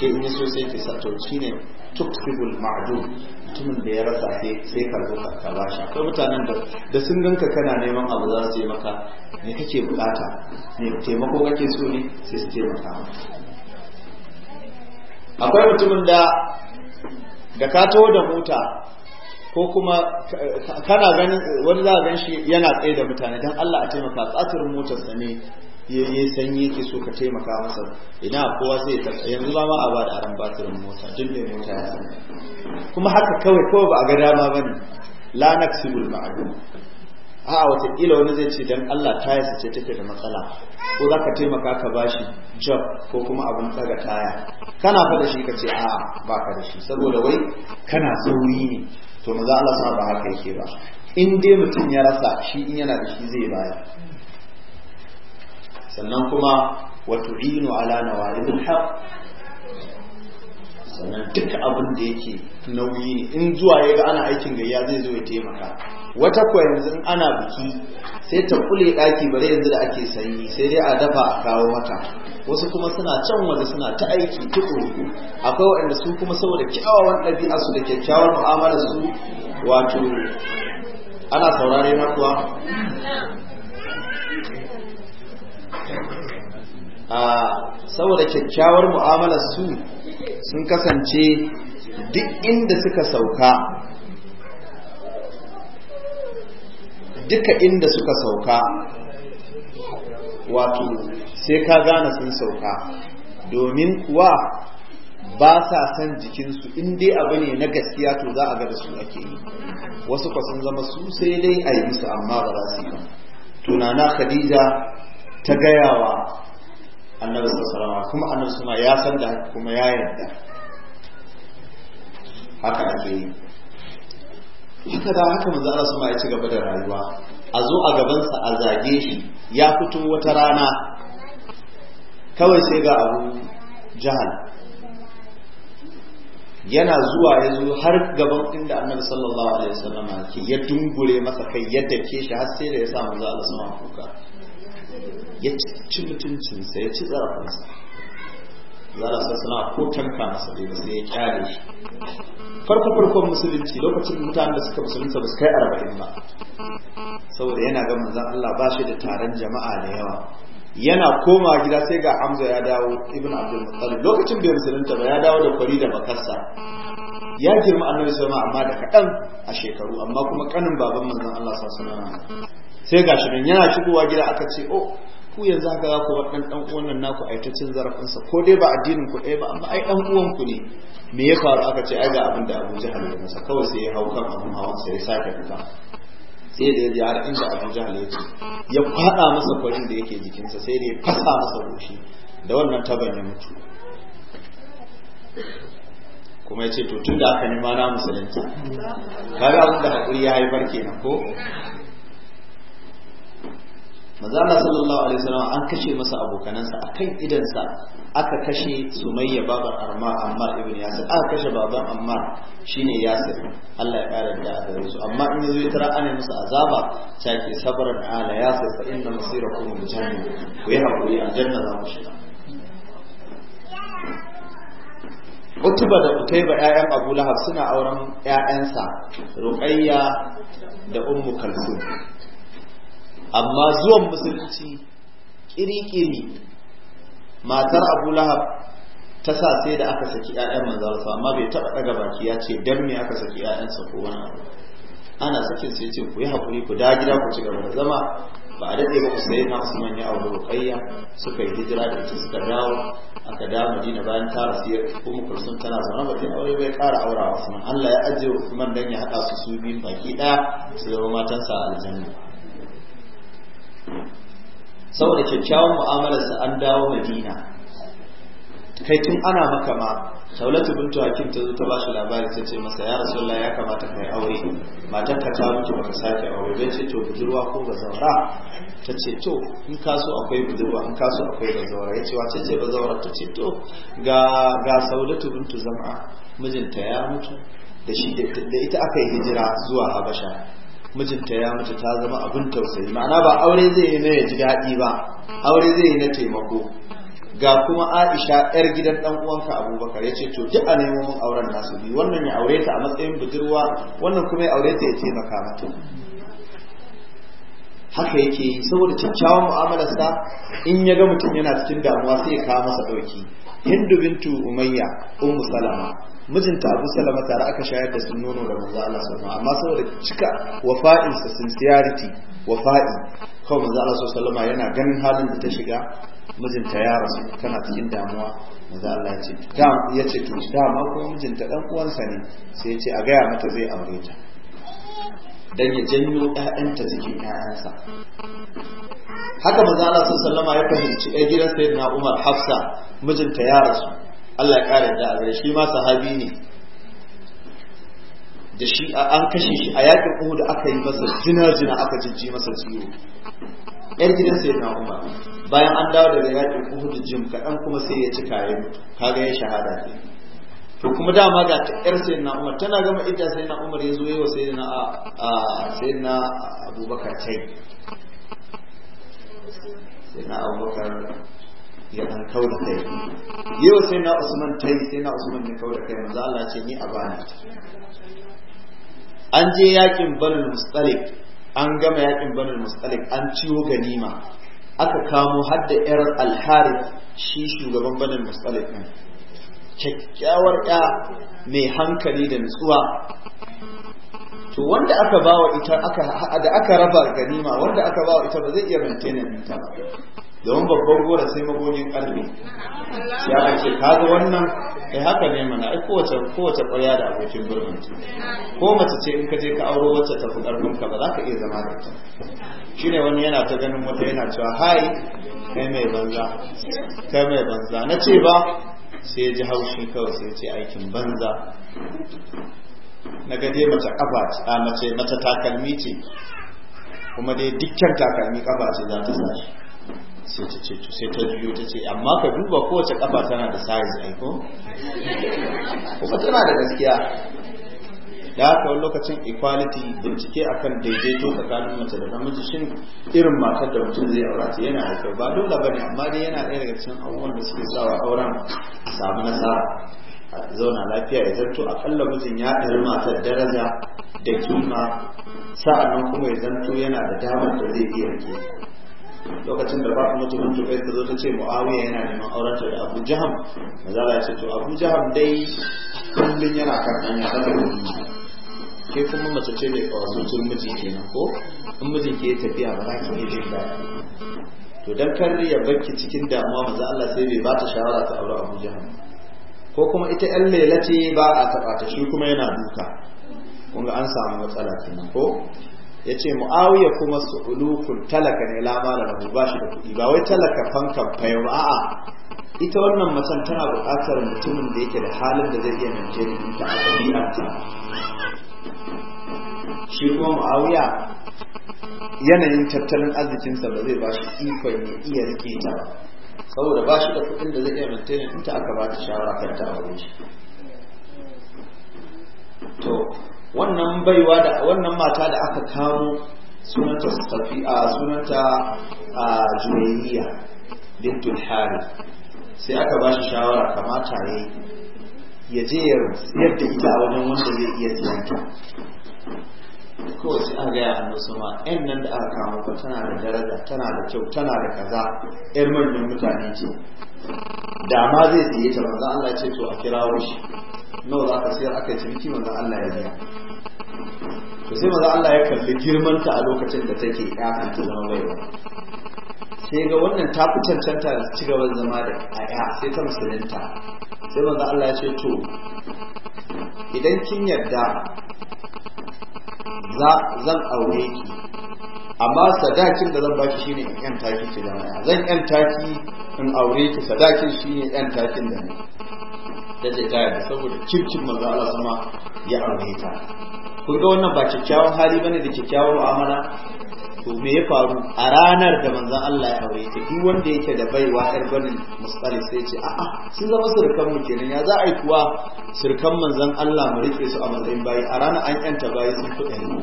ke in yaso sai ke shi ne tuk tuksibul ma'dum mutumin da ya rasa sai sai ka zo ka ba akwai mutanen da da sun ganka kana neman abu za su yi maka me kake bukata me taimako kake so ne sai su taimaka akwai mutumin da da ka taho da mota ko kuma kana ganin wani za a gan shi yana tsaye da mutane don Allah a taimaka tsatirin motarsa ne yayi sanyi yake so ka taimaka masa ina kowa zai ya yanzu ba ma a ba da aran batirin mota duk mai mota ya san kuma haka kawai kowa ba a ga dama bane la naksibul a a'a watakila wani zai ce dan Allah tayarsa ce take da matsala ko zaka taimaka ka bashi job ko kuma abun tsaga taya kana faɗa shi ka ce a'a ba ka da shi saboda wai kana sauri ne to maza Allah sa ba haka yake ba in dai mutum ya rasa shi in yana da shi zai bayar sannan kuma wa tu'inu ala nawaidil haqq sannan duka abin da yake nauyi ne in zuwa ya ga ana aikin gayya zai zo ya taimaka wata kuwa yanzu ana biki sai ta kule ɗaki bare yanzu da ake sanyi sai dai a dafa a kawo mata wasu kuma suna can waje suna ta aiki tukuru akwai waɗanda su kuma saboda kyawawan ɗabi'a su da kyakkyawar mu'amalar su wato ana saurare na kuwa a saboda kyakkyawar mu'amalar su sun kasance duk inda suka sauka duka inda suka sauka wato sai ka gane sun sauka domin kuwa ba sa san jikinsu in dai abu ne na gaskiya to za a ga da su ake yi wasu kwa sun zama su sai dai a yi musu amma ba za su yi tunana khadija ta gayawa annabi sallallahu alaihi kuma annabi suna ya san da kuma ya yarda haka ake yi haka da haka manzo Allah suma ya ci gaba da rayuwa a zo a gabansa a zage shi ya fito wata rana kawai sai ga abu jahal yana zuwa ya zo har gaban inda annabi sallallahu alaihi wasallam ke ya dungure masa kai ya dake shi har sai da ya samu manzo Allah kuka ya ci mutuncinsa ya ci zarafinsa zara suna ko tanka masa da sai ya kyale shi farko farkon musulunci lokacin mutanen da suka musulunta ba su kai arba'in ba saboda yana ga manzon Allah ba shi da taron jama'a da yawa yana koma gida sai ga Hamza ya dawo Ibn Abdul Muttalib lokacin bai musulunta ba ya dawo da kwari da bakarsa ya girma annabi wasallam amma da kaɗan a shekaru amma kuma kanin baban manzon Allah sallallahu alaihi sai ga nan yana shigowa gida aka ce oh ku yanzu haka za ku bar ɗan uwan naku ai cin zarafinsa ko dai ba addinin ku ɗaya ba amma ai dan uwan ku ne me ya faru aka ce ai ga abin da Abu Jahal ya masa kawai sai ya hau kan abin hawan sai ya sake fita sai da ya har inda Abu Jahal ce ya faɗa masa kwarin da yake jikinsa sai da ya fasa masa roshi da wannan taban ya mutu kuma ya ce to tun da aka nema na musulunci kaga abin da haƙuri ya haifar kenan ko manzala sallallahu alaihi wasallam an kashe masa abokanansa akan idansa aka kashe sumayya babar arma ammar ibn yasir aka kashe baban amma shine yasir Allah ya kare da azabi su amma in yazo ya tara ana musu azaba sai ke sabran ala yasir fa inna masirakum min jahannam ku yi hakuri a janna za mu shiga Utuba da Utaiba ƴaƴan Abu Lahab suna auren ƴaƴansa Ruqayya da Ummu Kalsum. amma zuwan musulunci kirikiri matar abu lahab ta sa sai da aka saki 'ya'yan manzarsa amma bai taba ɗaga baki ya ce dan me aka saki 'ya'yansa ko wani abu ana sakin sai ce ku yi hakuri ku da gida ku ci gaba da zama ba a daɗe ba ku sayi na usman ya auri ruqayya suka yi hijira da ita suka dawo aka dawo madina bayan ta ko kuma kursun tana zama ba kin aure bai ƙara aurawa usman Allah ya ajiye usman dan ya haɗa su su biyu baki ɗaya su zama matansa a aljanna saboda kyakkyawan mu'amalarsa an dawo madina kai tun ana maka ma shaulatu bintu hakim ta zo ta ba shi labari ta ce masa ya rasulullah ya kamata kai aure matar ka ta mutu baka sake aure zai ce to budurwa ko bazawara ta ce to in ka so akwai budurwa in ka so akwai bazawara ya ce wace ce bazawara ta ce to ga ga saulatu bintu zam'a mijinta ya mutu da shi da ita aka yi hijira zuwa habasha mijinta ya mutu ta zama abin tausayi ma'ana ba aure zai yi na ya ji daɗi ba aure zai yi na taimako ga kuma Aisha yar gidan dan uwanka Abubakar ya ce to duk a nemo mun auren nasu biyu, wannan ya aure ta a matsayin budurwa wannan kuma ya aure ta ya taimaka mata haka yake yi saboda kyakkyawan mu'amalarsa in ya ga mutum yana cikin damuwa sai ya kawo masa ɗauki. Hindu bintu Umayya Ummu Salama mijinta abu salama tare aka shayar da sun nono da manzo Allah sallallahu amma saboda cika wafa'in sa sincerity wafa'i kawai manzo Allah sallallahu yana ganin halin da ta shiga mijinta ya rasu tana cikin damuwa manzo Allah ya ce da ya ce to da ma ko mijinta dan uwansa ne sai ya ce a gaya mata zai aure ta dan ya janyo ƴaƴanta cikin ƴaƴansa haka manzo Allah sallallahu ya fahimci ɗaya gidan sayyidina Umar Hafsa mijinta ya rasu Allah ya kare da abin shi ma sahabi ne da shi an kashe shi a yakin Uhud aka yi masa jina-jina aka jijji masa ciwo yar gidan sai na Umar bayan an dawo daga yakin Uhud jim kaɗan kuma sai ya ci kare kaga ya shahada ne to kuma dama ga ta yar sai na Umar tana gama idda sai na Umar ya zo yawa sai na sai na Abubakar tai sai na Abubakar ya dan kau da kai yau sai na usman ta yi sai na usman ya kau da kai manzo Allah ce ni a bani an je yakin banul mustalik an gama yakin banul mustalik an ciwo ganima aka kamo har da yar al-harith shi shugaban banul mustalik ne kyakkyawar ya mai hankali da nutsuwa to wanda aka bawa ita aka da aka raba ganima wanda aka bawa ita ba zai iya maintainer ita ba domin babban gora sai magogin ƙarni ya aka ce ga wannan eh haka ne mana ai kowace kowace ƙwarya da abokin gurbin ko mace ce in ka je ka auro wacce ta fi ƙarfin ka ba za ka iya zama da ta shine wani yana ta ganin wata yana cewa hai kai mai banza kai mai banza na ce ba sai ya ji haushi kawai sai ya ce aikin banza na gaje mace kafa a mace mace takalmi ce kuma dai dukkan takalmi kafa ce za ta shi. sai ta ce sai ta juyo ta ce amma ka duba kowace kafa tana da size aiko kuma tana da gaskiya da haka wani lokacin equality bincike akan daidaito tsakanin mace da namiji shin irin matar da mutum zai aura ta yana kyau, ba dole ba ne amma dai yana ɗaya daga cikin abubuwan da suke sawa auren a samu nasara a zauna lafiya ya zanto akalla mijin ya ɗari matar daraja da kima sa'annan kuma ya zanto yana da damar da zai iya rike lokacin da Fatima mutu mutu bai ta zo ta ce Muawiya yana neman auren ta da Abu Jaham maza ya ce to Abu Jaham dai kullun yana kan hanya da ke kuma mace ce mai kawasocin miji kenan ko in mijin ke tafiya ba za ki yi jin daɗi to dan kalli ya barki cikin damuwa maza Allah sai bai ba ta shawara ta aure Abu Jaham ko kuma ita 'yan lelace ba a taɓa ta shi kuma yana duka kun an samu matsala kenan ko ya ce mu'awiya kuma su su'ulukun talaka ne lamara da ba da kuɗi ba wai talaka fankan fayo a'a ita wannan macen tana buƙatar mutumin da yake da halin da zai iya nance da ita a ta shi kuma mu'awiya yanayin tattalin arzikinsa ba zai ba shi ikon ya iya rike ta ba saboda ba shi da kuɗin da zai iya nance da ita aka ba ta shawara kan ta aure to wannan baiwa da wannan mata da aka kawo sunanta a sunanta a juwayiya bintul hari sai aka ba shi shawara kamata ya je ya yadda ita a wajen wanda zai iya tiyanta kawai sai aka gaya hannu sama yan nan da aka kama ba tana da daraja tana da kyau tana da kaza yar manyan mutane ce da ma zai siye ta manzo Allah ce to a kirawo shi nawa za ka sayar aka miki manzo Allah ya biya to sai manzo Allah ya kalli girman ta a lokacin da take ya kan ta zama baiwa sai ga wannan ta fi cancanta da ci gaban zama da aya sai ta musulunta sai manzo Allah ya ce to idan kin yarda Za zan aure ki amma sadakin da zan baki shine in yan taki ce da maya zan yan taki in aure ki sadakin shine yan takin da ne ce ta yadda saboda cimcin manzo Allah sama ya aure ta kun ga wannan ba kyakkyawan hali bane da kyakkyawan mu'amala to me ya faru a ranar da manzon Allah ya aure ta duk wanda yake da baiwa yar banin mustalif sai ce a'a sun zama surkan mu kenan ya za a yi kuwa surkan manzon Allah mu rike su a matsayin bayi a ranar an yanta bayi sun fi ɗari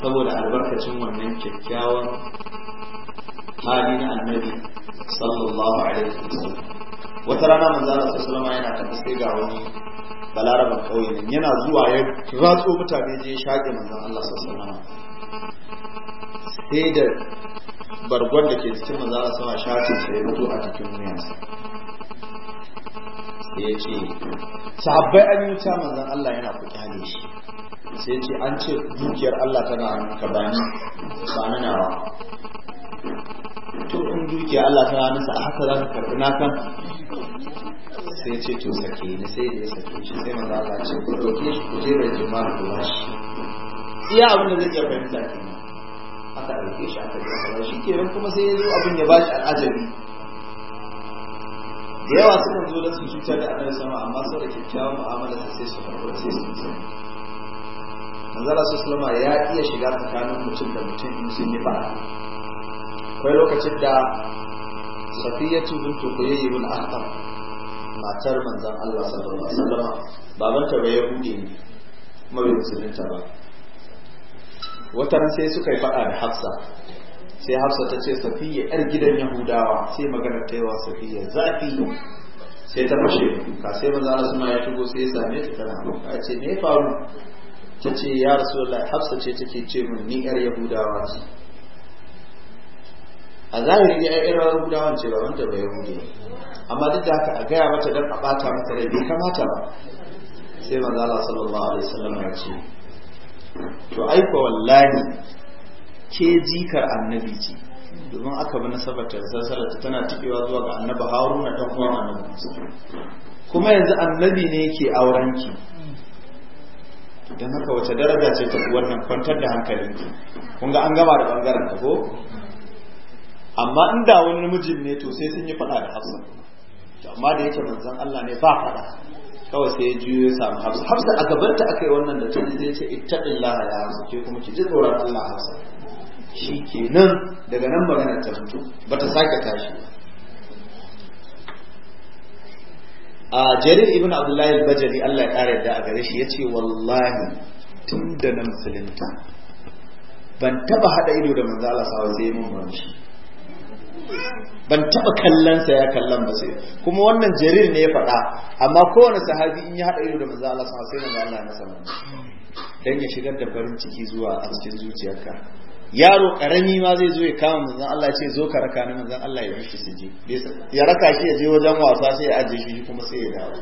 saboda albarkacin wannan kyakkyawan hali na annabi sallallahu alaihi wasallam wata rana manzon Allah sallallahu alaihi wasallam yana tafi ga wani balarabar kauye yana zuwa ya ratso mutane je shaƙe manzon Allah sallallahu alaihi wasallam sai da bargon da ke cikin maza a sama shafin sai mutu a cikin wuyansa sai ya ce sahabbai an yi wuta manzan Allah yana kuƙyale shi sai ce an ce dukiyar Allah tana hannunka bani ba na nawa to in dukiya Allah tana nisa a haka za ka karɓi nakan sai ce to sake ni sai da ya sake shi sai manzan Allah ce ku ɗauke shi ku je da jima'a ku bashi iya abin da zai iya fahimta kenan aka ɗauke shi aka biya kaza shi kenan kuma sai ya zo abin ya bashi al'ajabi da yawa suka zo da su cutar da annabi sama amma sau da kyakkyawan mu'amala sai su farko sai su sani manzara su sulama ya iya shiga tsakanin mutum da mutum in sun yi fara akwai lokacin da safiyatu bintu kuyayi bin ahqam matar manzon Allah sallallahu alaihi wasallam babanta bai yahudi ne kuma bai musulunta ba wata ran sai suka yi faɗa da hafsa sai hafsa ta ce safiya yar gidan yahudawa sai magana ta yawa safiya zafi sai ta fashe ka sai maza Allah suna ya shigo sai ya same ta tana a ce me faru ta ce ya rasulullah hafsa ce take ce min ni yar yahudawa ce a zahiri ne yar yahudawa ce ba wanda ba yahudi amma duk da haka a gaya mata don a bata mata rai bai kamata ba sai maza Allah sallallahu alaihi wasallam ya ce to aiko wallahi ke jikar annabi ce domin aka bi nasabar ta ta tana tikewa zuwa ga annabi haruna dan uwan annabi kuma yanzu annabi ne yake auren ki don haka wace daraja ce ta wannan kwantar da ki kun ga an gama da bangaren ka ko amma inda wani namijin ne to sai sun yi fada da hafsa amma da yake manzon Allah ne ba fada kawai sai ya juyo ya samu hafsa hafsa a gabanta aka yi wannan da tun zai ce laha ya hafsa ke kuma ki ji tsoron Allah hafsa shi kenan daga nan maganar ta mutu ta sake tashi a jarir ibn abdullahi al-bajali Allah ya kare yadda a gare shi yace wallahi tun da nan musulunta ban taba hada ido da manzo Allah sai mun murmushi ban taba kallon sa ya kallon ba sai kuma wannan jarir ne ya faɗa amma kowane sahabi in ya haɗa ido da manzo Allah sai manzo Allah ya masa dan ya shigar da farin ciki zuwa a cikin zuciyarka yaro karami ma zai zo ya kama manzon Allah ce zo ka raka ni manzon Allah ya mishi su je ya raka shi ya je wajen wasa sai ya ajiye shi kuma sai ya dawo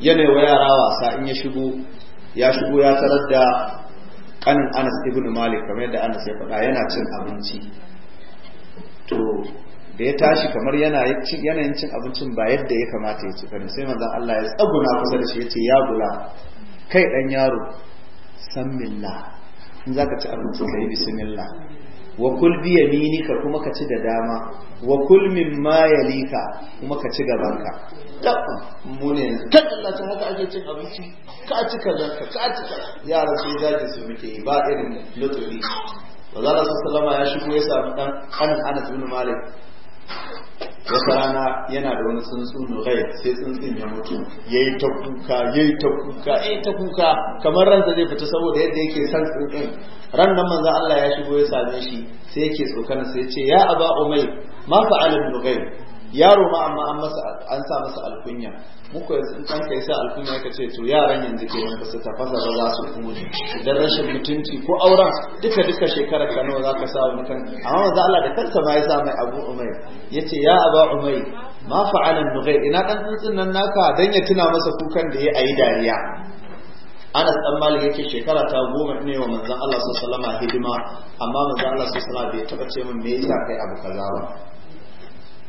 yana wa yara wasa in ya shigo ya shigo ya tarar da kanin Anas ibn Malik kamar yadda Anas ya faɗa yana cin abinci to da ya tashi kamar yanayin cin abincin ba yadda ya kamata ya ci bane sai manzon Allah ya tsaguna kusa da shi ya ce ya gula kai dan yaro san milla in zaka ci abinci kai bismillah wa kul bi yaminika kuma ka ci da dama wa kul mimma yalika kuma ka ci gaban ka mu ne kan Allah ta haka ake cin abinci ka ci kaza ka ci yara sai zaki su muke ba irin lutufi manzala sallama ya shigo ya samu ɗan kanin Anas bin Malik wata yana da wani tsuntsu nugai sai tsuntsun ya mutu ya yi ta kuka ya yi ta kuka ya yi ta kuka kamar ran zai fita saboda yadda yake son tsuntsun ran nan manzan Allah ya shigo ya same shi sai yake tsokana sai ce ya aba umai, ma fa'alin nugai yaro ma amma an masa an sa masa alkunya muku yanzu in kanka yasa alkunya ka ce to yaran yanzu ke wanda su tafasa ba za su kuma idan rashin mutunci ko auren duka duka shekarar ka nawa zaka sa wani kan amma manzo Allah da kansa ma ya sa mai Abu Umayr yace ya Aba Umayr ma fa'ala nughair ina dan tsuntsun nan naka dan ya tuna masa kukan da ya ayi dariya Ana dan Malik yake shekara ta goma ne wa manzon Allah sallallahu alaihi wasallam hidima amma manzon Allah sallallahu alaihi wasallam bai taba ce min me yasa kai abu kaza ba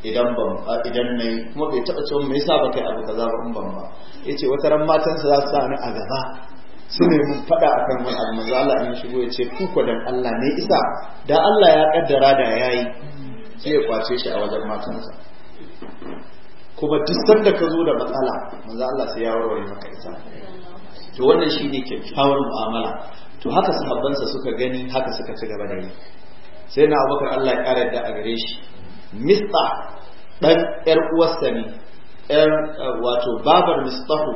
idan ban idan nayi kuma bai taba cewa me yasa baka yi abu kaza ba in ban ba yace wata ran matan sa za su sa ni a gaba su ne mun fada akan wani abu manzo Allah in shigo yace ku ko dan Allah ne isa da Allah ya kaddara da yayi sai ya kwace shi a wajen matansa kuma duk sanda ka zo da matsala manzo Allah sai ya warware maka isa. to wannan shine kyakkyawar mu'amala to haka sahabbansa suka gani haka suka ci gaba da yi sai na abubakar Allah ya kare a gare shi mista ɗan ‘yar uwarsa ne ‘yar eh, wato babar mistahu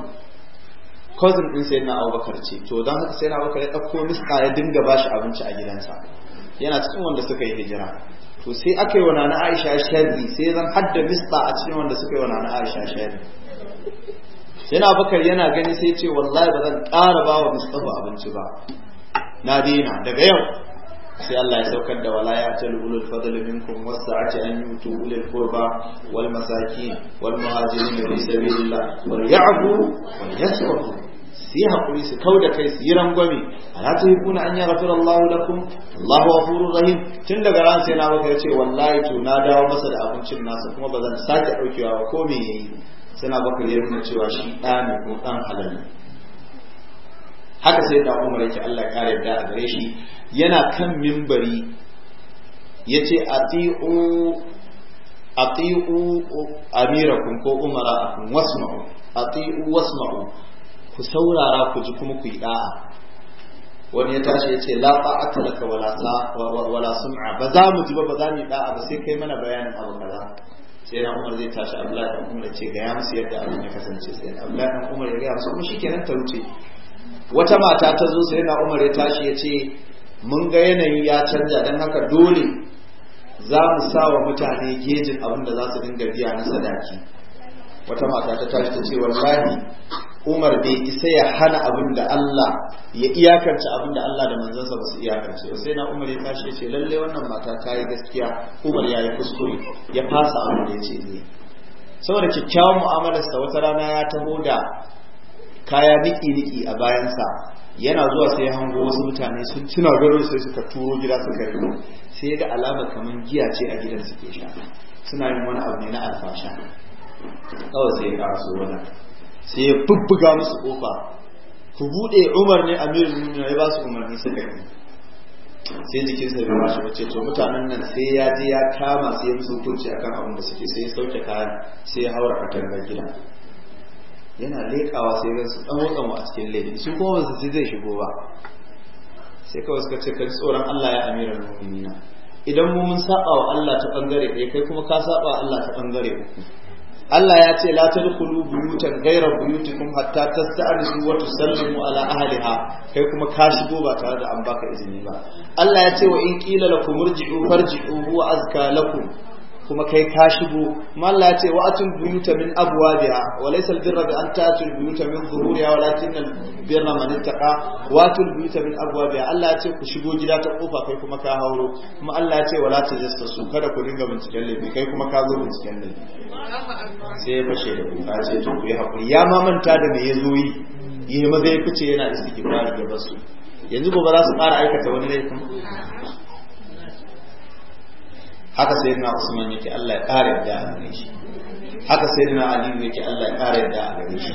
cousin ɗin sai na abubakar ce to don haka sai na abubakar ya ɗauko mista ya dinga ba shi abinci a gidansa yana cikin wanda suka yi hijira to sai aka yi wa nana aisha sharri sai zan hadda mista a cikin wanda suka yi wa na aisha sharri na abubakar yana gani sai ce wallahi ba zan ƙara ba wa abinci ba na daina daga yau sai Allah ya saukar da walaya ta lulul fadl minkum wasa'ati an yutu ulil qurba wal masakin wal muhajirin fi sabilillah wal ya'fu wal yasrafu su yi haƙuri su kau da kai su yi rangwame ala ta yi kuna an yi rafi Allahu lakum Allahu rahim tun daga ran sai na baka ce wallahi to na dawo masa da abincin nasa kuma ba zan sake ɗaukewa ba ko me yayi sai na baka ya cewa shi ɗa ne ko ɗan halali haka sai da umar yake Allah ya yarda a gare shi yana kan mimbari yace ati'u ati'u amirakum ko umara'akum wasma'u ati'u wasma'u ku saurara ku ji kuma ku yi da'a wani ya tashi yace la ta'ata laka wala wala sum'a ba za mu ji ba ba za mu yi da'a ba sai kai mana bayanin abu kaza sai na umar zai tashi abdullahi dan umar ce ga ya musu yadda abin ya kasance sai abdullahi dan umar ya ga musu kuma shikenan ta wuce wata mata ta zo sai na umar ya tashi ya ce mun ga yanayi ya canja don haka dole za mu sa wa mutane gejin abin da za su dinga biya na sadaki wata mata ta tashi ta ce wallahi umar bai isa ya hana abin da Allah ya iyakance abin da Allah da manzansa ba su iyakance ba sai na umar ya tashi ya ce lalle wannan mata ta yi gaskiya umar ya yi kuskure ya fasa abin da ya ce ne saboda kyakkyawan mu'amalarsa wata rana ya taho da kaya niki-niki a bayansa yana zuwa sai hango wasu mutane sun tuna garo sai suka turo gida suka rino sai ga alama kamar giya ce a gidan suke sha suna yin wani abu ne na alfasha kawai sai ya karaso wani sai ya bubbuga musu kofa ku buɗe umar ne amirin nuna ya ba su umarni suka yi sai jikinsa bai bashi wacce to mutanen nan sai ya je ya kama sai ya musu hukunci akan abin da suke sai ya sauke kayan sai ya haura katangar gida yana leƙawa sai gan su ɗan mu a cikin laifi su kuma ba su zai shigo ba sai kawai suka ce kai tsoron Allah ya amiran mu'minina idan mu mun saba wa Allah ta bangare ɗaya kai kuma ka saba wa Allah ta bangare uku Allah ya ce la tadkhulu buyutan ghayra buyutikum hatta tasta'nisu wa tusallimu ala ahliha kai kuma ka shigo ba tare da an baka izini ba Allah ya ce wa in qila lakum irji'u farji'u huwa azka lakum kuma kai ka shigo malla ya ce wa atul buyuta min abwabiha wa laysa albirra bi an ta'tul buyuta min zuhuriha walakin albirra man ittaqa wa atul buyuta min abwabiha Allah ya ce ku shigo gida ta kofa kai kuma ka hauro kuma Allah ya ce wala tajassasu kada ku dinga binciken laifi kai kuma ka zo binciken laifi sai ya fashe da kuka ce to ku yi hakuri ya ma manta da me ya zo yi yi ma zai fice yana istighfar da basu yanzu gobe za su fara aikata wani laifin haka sai na usman yake Allah ya ƙara yadda a gare shi haka sai na aliyu yake Allah ya ƙara yadda a gare shi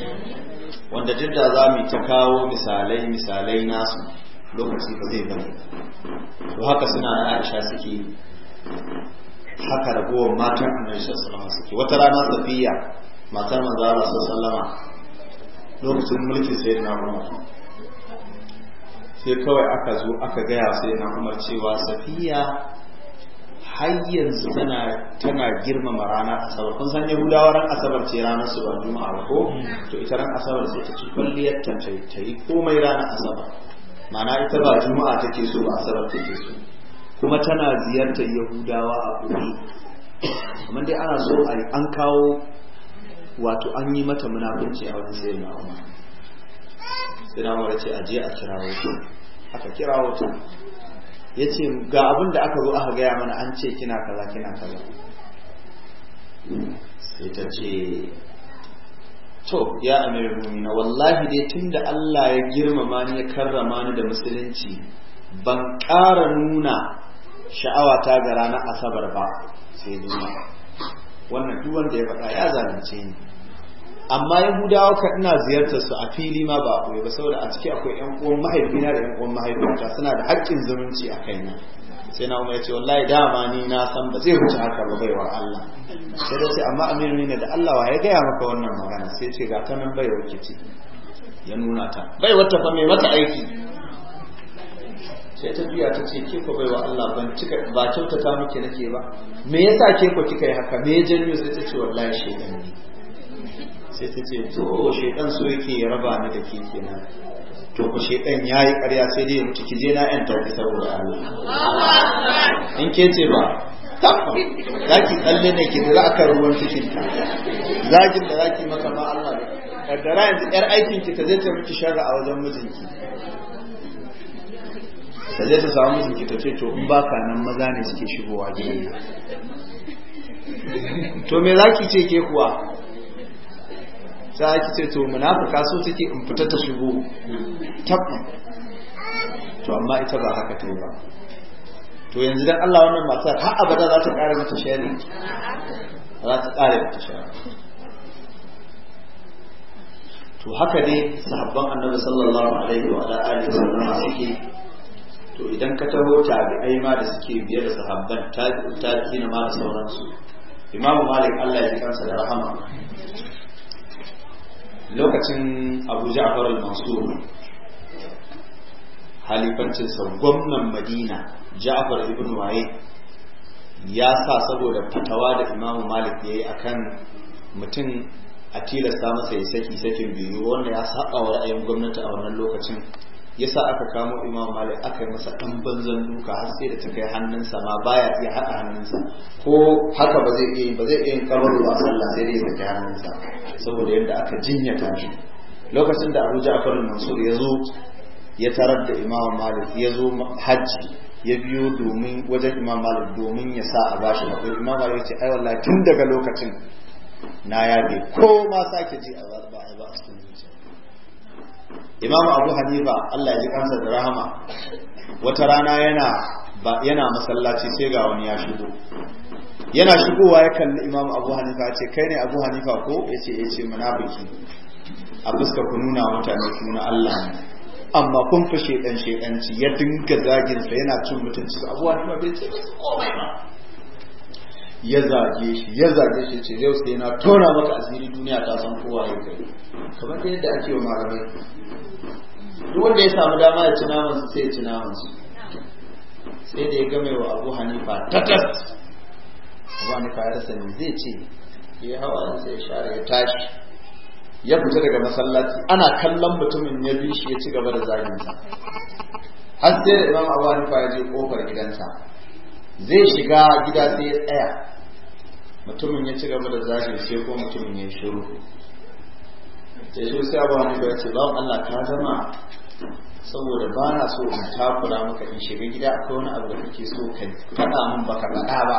wanda jidda za mu ta kawo misalai misalai nasu lokaci ba zai gama to haka suna na aisha suke haka ragowar matan annabi sallallahu alaihi suke wata rana safiya matar manzo Allah sallallahu lokacin mulkin sayyidina Umar sai kawai aka zo aka gaya sai na Umar cewa safiya har yanzu tana tana girmama ranar asabar kun san yahudawa ran asabar ce ranar su ba juma'a ba ko to ita ran asabar sai ta ci kwalliyar ta ta yi komai ranar asabar ma'ana ita ba juma'a take so ba asabar take so kuma tana ziyartar yahudawa a kuri amma dai ana so a an kawo wato an yi mata munafunci a wajen sai na umar sai na ce a je a kirawo aka kirawo ta ya ce ga abin da aka zo aka gaya mana an ce kina kaza kina kaza sai ta ce to ya amirin mumina wallahi dai tunda Allah ya girmama ni ya karrama ni da musulunci ban ƙara nuna sha'awa ta ga ranar asabar ba sai duniya wannan duk wanda ya faɗa ya zalunce ni amma yahudawa ka ina ziyartar su a fili ma ba kuwa ba saboda a ciki akwai yan uwan mahaifina da yan uwan mahaifiyata suna da haƙƙin zumunci a kaina sai na umar ce wallahi dama ni na san ba zai wuce haka ba baiwa Allah sai da ce amma aminu ne da Allah wa ya gaya maka wannan magana sai ce ga ta nan bai wuce ce ya nuna ta bai wata fa mai mata aiki sai ta biya ta ce ke ko baiwa Allah ban cika ba kyautata muke nake ba me yasa ke ko kika yi haka me ya janyo sai ta ce wallahi shedan ne sai ta ce to shekan so yake ya raba ni da kike na to ku shekan ya yi ƙarya sai dai mutu ki je na yan tafi saboda Allah in ke ce ba tafi za ki tsalle ne ki za aka ruwan cikin ta zagin da za ki maka ma Allah kaddara yanzu yar aikin ki ta zai ta miki shara a wajen mijinki ta zai ta samu mijinki ta ce to in baka nan maza ne suke shigowa gidan to me za ki ce ke kuwa sai ake ce to munafika so take in fita ta shigo tabba to amma ita ba haka ta ba to yanzu dan Allah wannan matar har abada za ta kare mata shari za ta kare mata shari to haka dai sahabban annabi sallallahu alaihi wa alihi wasallam suke to idan ka taho tabi'ai ma da suke biyar da sahabban tabi'ina ma da sauransu imamu malik Allah ya ji kansa da rahama lokacin abu ja'far al-mansur halifancinsa gwamnan madina ja'far ibn waye ya sa saboda fatawa da imamu malik yayi yi a kan mutum a tilasta masa ya saki sakin biyu wanda ya saba wa ra'ayin gwamnati a wannan lokacin yasa aka kamo imam malik aka yi masa ɗan banzan duka har sai da ta kai hannunsa ma baya iya haɗa hannunsa ko haka ba zai iya ba zai iya sallah sai dai ya kai hannunsa saboda yadda aka jinyata shi lokacin da abu ja'far mansur ya zo ya tarar da imam malik ya zo hajji ya biyo domin wajen imam malik domin ya sa a bashi hakuri imam malik ya ce ai wallahi tun daga lokacin na yabe ko ma sake ji a imam abu hanifa allah ya ji kansa da rahama wata rana yana yana masallaci sai ga wani ya shigo yana shigowa ya kalli imam abu hanifa ya ce kai ne abu hanifa ko ya ce ya eh, ce munafiki a fuska ku nuna mutane ku nuna allah amma kun fa shedan shedanci ya dinga zagin sa yana cin mutunci abu hanifa bai ce komai ba ya zage shi ya zage shi ce yau sai na tona maka asiri duniya ta san kowa ya kai kamar da yadda ake wa malamai duk wanda ya samu dama ya ci naman su sai ya ci naman su sai da ya game wa abu hanifa tatas abu hanifa ya rasa ne zai ce ya hawa sai ya share ya tashi ya fita daga masallaci ana kallon mutumin ya bi shi ya ci gaba da zaginsa har sai da imam abu hanifa ya je kofar gidansa zai shiga gida sai ya tsaya mutumin ya ci gaba da zafi sai ko mutumin ya shiru sai shi sai abu hannu ya ce bawan Allah ka zama saboda ba na so in takura maka in shiga gida akwai wani abu da kake so ka faɗa min baka faɗa ba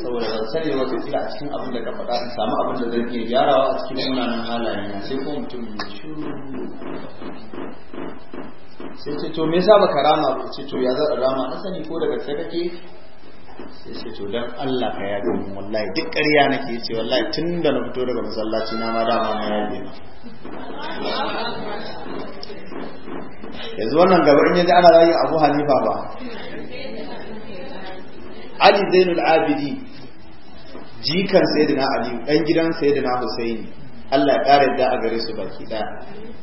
saboda ban sani wa ka a cikin abin da ka faɗa in samu abin da zan iya gyarawa a cikin wannan halaye na sai ko mutum ya shi. sai ce to me yasa baka rama ko ce to ya zan rama na sani ko daga sai kake sai ce to dan Allah ka yaje mun wallahi duk ƙarya nake ce wallahi tun da na fito daga masallaci na ma dama na yaje yanzu wannan gaba in yaji ana rayu Abu Hanifa ba Ali Zainul Abidi jikan Sayyidina Ali dan gidan Sayyidina Husaini Allah ya ƙara yadda a gare su baki ɗaya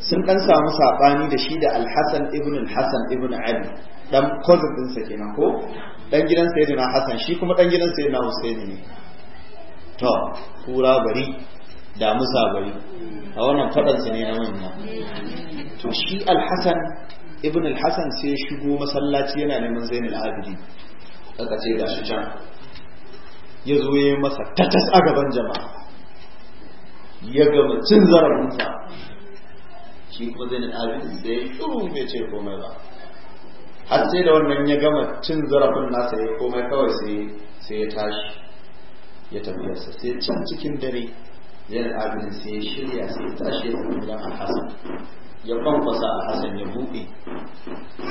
sun ɗan samu saɓani da shi da Alhassan ibn Alhassan ibn Ali dan cousin ɗinsa kenan ko dan gidan sayyidina Hassan shi kuma dan gidan sayyidina Husaini ne to kura bari da musa bari a wannan fadan sa ne na wannan to shi al-Hasan ibn al-Hasan sai ya shigo masallaci yana neman Zainul Abidin aka ce ga shi can ya zo ya masa tatas a gaban jama'a ya gama cin zarafinsa shi kuma Zainul Abidin sai ya shiru bai ce komai ba har sai da wannan ya gama cin zarafin nasa ya komai kawai sai sai ya tashi ya tafiyarsa sai can cikin dare zainal abin sai ya shirya sai ya tashi ya tafi gidan alhassan ya kwankwasa alhassan ya buɗe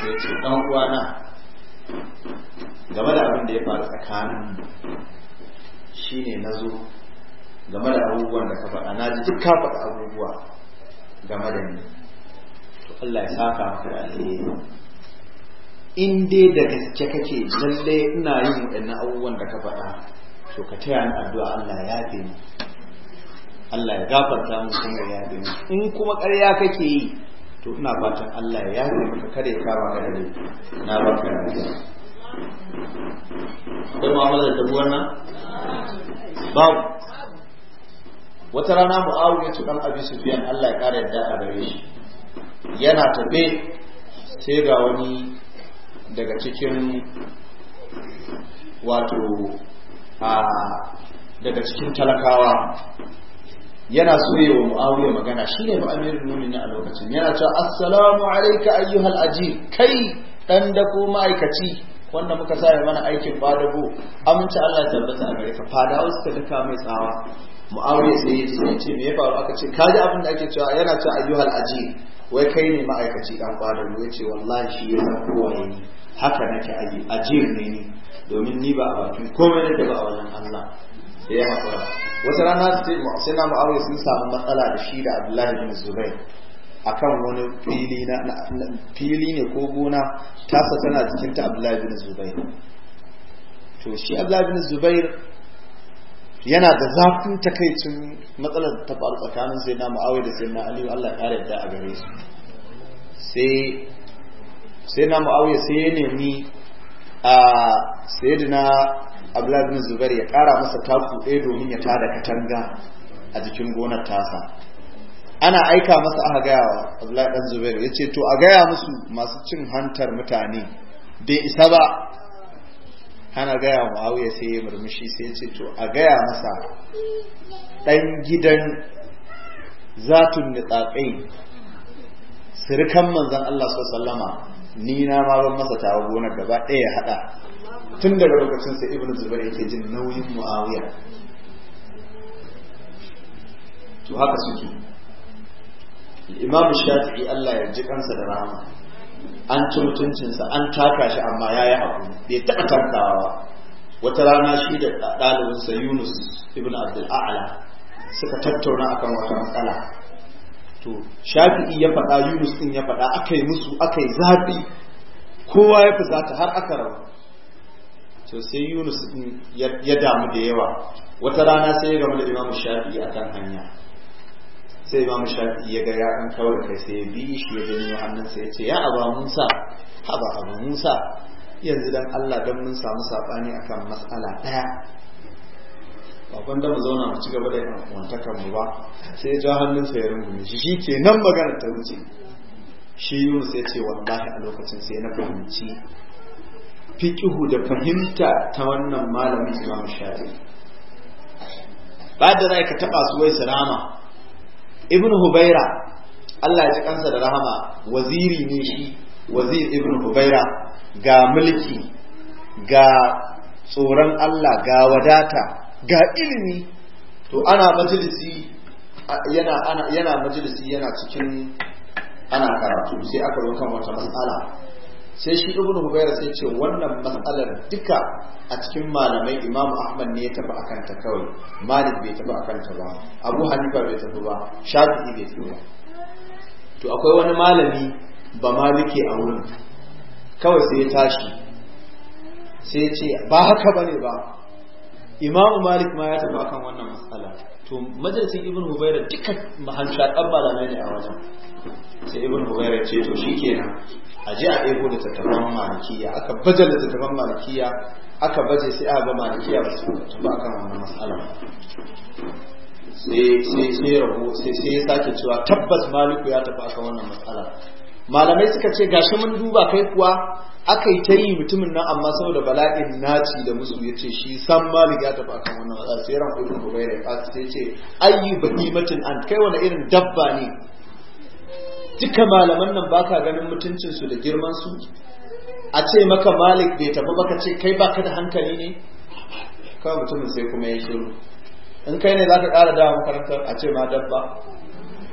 sai ya ce ɗan uwana game da abin da ya faru tsakanin ne na zo game da abubuwan da ka faɗa na ji duk ka faɗa abubuwa game da ni to Allah ya saka maka da alheri in dai da gaske kake lalle ina yin waɗannan abubuwan da ka faɗa to ka taya ni addu'a Allah ya yafe ni Allah ya gafarta mu kuma ya yafe ni in kuma ƙarya kake yi to ina fatan Allah ya yafe Ka kada ya kama ka dare na ko ma amma da tabuwar nan babu wata rana ci dan abi sufiyan Allah ya kare yadda a gare shi yana tabe sai ga wani daga cikin wato a daga cikin talakawa yana so yi mu'awiya magana shi ne ma'amirin nuni a lokacin yana cewa assalamu alaika ayyuhal aji kai dan da ko ma'aikaci wanda muka sa mana aikin badago aminci Allah ya tabbata a gare ka fadawa suka duka mai tsawa mu'awiya sai ya sai ce me ya faru aka ce kaji abin da ake cewa yana cewa ayyuhal aji wai kai ne ma'aikaci dan badago yace wallahi shi ya san kowa ne haka nake ayi a ne ni domin ni ba a bakin komai ne da ba a wajen Allah da ya haƙura wata rana sai na ma'aure sun samu matsala da shi da Abdullahi bin Zubair akan wani fili na fili ne ko gona tasa tana jikin ta Abdullahi bin Zubair to shi Abdullahi bin Zubair yana da zafin takaicin matsalar ta faru tsakanin sai na ma'aure da sai na Aliyu Allah ya kare da a gare su sai sai na ma'auya sai ya nemi a sayyidina abdullahi bin zubair ya kara masa taku ɗaya domin ya tada katanga a jikin gonar tasa ana aika masa aka gaya wa abdullahi dan zubair ya ce to a gaya musu masu cin hantar mutane bai isa ba hana gaya wa ma'auya sai ya murmushi sai ya ce to a gaya masa ɗan gidan zatun nitsatsain sirikan manzan Allah wasallama ni na ma ban masa tawa gonar gaba ɗaya ya haɗa tun daga lokacin sai ibnu zubair yake jin nauyin muawiya to haka suke imam shafi'i Allah ya ji kansa da rahama an ci mutuncinsa an taka shi amma ya yi abu bai taɓa tankawa wata rana shi da ɗalibinsa yunus ibn abdul a'la suka tattauna akan wata matsala to shafi'i ya faɗa yunus ɗin ya faɗa aka yi musu aka yi kowa ya fi zata har aka rawa to sai yunus ɗin ya damu da yawa wata rana sai ya gama da imamu shafi'i a kan hanya sai imamu shafi'i ya ga ya ɗan kawar kai sai ya bi shi ya gani sai ya ce ya aba musa haba aba musa yanzu dan allah dan mun samu saɓani akan matsala ɗaya ba da mu zauna mu ci gaba da yin amfantakar mu ba sai ja hannun sa ya rungume shi shi ke nan magana ta wuce shi Yunus ya ce wallahi a lokacin sai na fahimci kihu da fahimta ta wannan malamin Imam Shafi'i ba da zai ka taba su wai salama ibnu hubaira Allah ya ji kansa da rahama waziri ne shi wazir ibnu hubaira ga mulki ga tsoron Allah ga wadata ga ilimi to ana majalisi yana ana yana majalisi yana cikin ana karatu sai aka zo kan wata matsala sai shi ibnu hubayra sai ce wannan matsalar duka a cikin malamai Imam ahmad ne ya tafi akan ta kawai malik bai tafi akan ta ba abu hanifa bai tafi ba shafi'i bai tafi ba to akwai wani malami ba malike a wurin kawai sai ya tashi sai ce ba haka bane ba imamu malik ma ya tafi akan wannan matsala to majalisin ibn hubaira duka mahanshaƙan malamai ne a wajen sai ibn hubaira ce to shi kenan a je a ebo da tattaban malikiya aka baje da tattaban malikiya aka baje sai a ga malikiya ba su tafi akan wannan matsala sai sai rabu sai sai ya sake cewa tabbas maliku ya tafi akan wannan matsala malamai suka ce gashi mun duba kai kuwa aka yi ta yi mutumin nan amma saboda bala'in naci da musu ya ce shi san malik ya tafi akan wannan matsala sai ran kudin kubai da su ce ce baki bahimatin an kai wani irin dabba ne duka malaman nan baka ganin mutuncinsu da girman su a ce maka malik bai tafi baka ce kai baka da hankali ne kawai mutumin sai kuma ya shiru in kai ne za ka ƙara dawa makarantar a ce ma dabba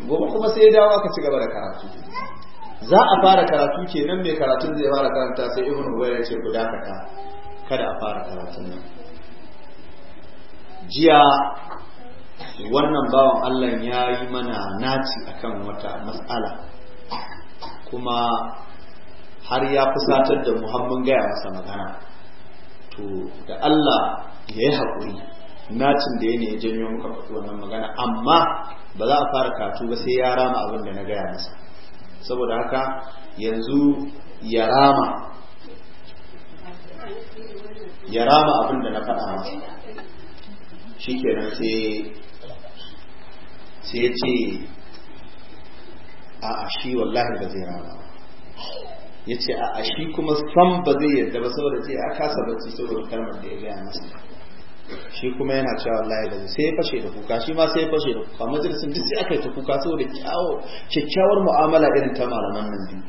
gobe kuma sai ya dawo aka ci gaba da karatu za a fara karatu ke nan mai karatun zai fara karanta sai ibn hubayr ya ce ku dakata kada a fara karatun nan jiya wannan bawan Allah ya yi mana naci akan wata matsala kuma har ya fusatar da muhammin gaya masa magana to da Allah ya yi haƙuri nacin da ya ne janyo muka wannan magana amma ba za a fara karatu ba sai ya rama abin da na gaya masa saboda haka yanzu yarama rama abin da na faɗa masu shi kenan sai ya ce a ashi wallahi ba zai rama ya ce a ashi kuma sam ba zai yadda ba saboda ce a kasa bacci saboda kalmar da ya gaya masa shi kuma yana cewa wallahi da sai ya fashe da kuka shi ma sai ya fashe da kuka majalisin duk sai aka yi ta kuka saboda kyawo kyakkyawar mu'amala irin ta malaman nan biyu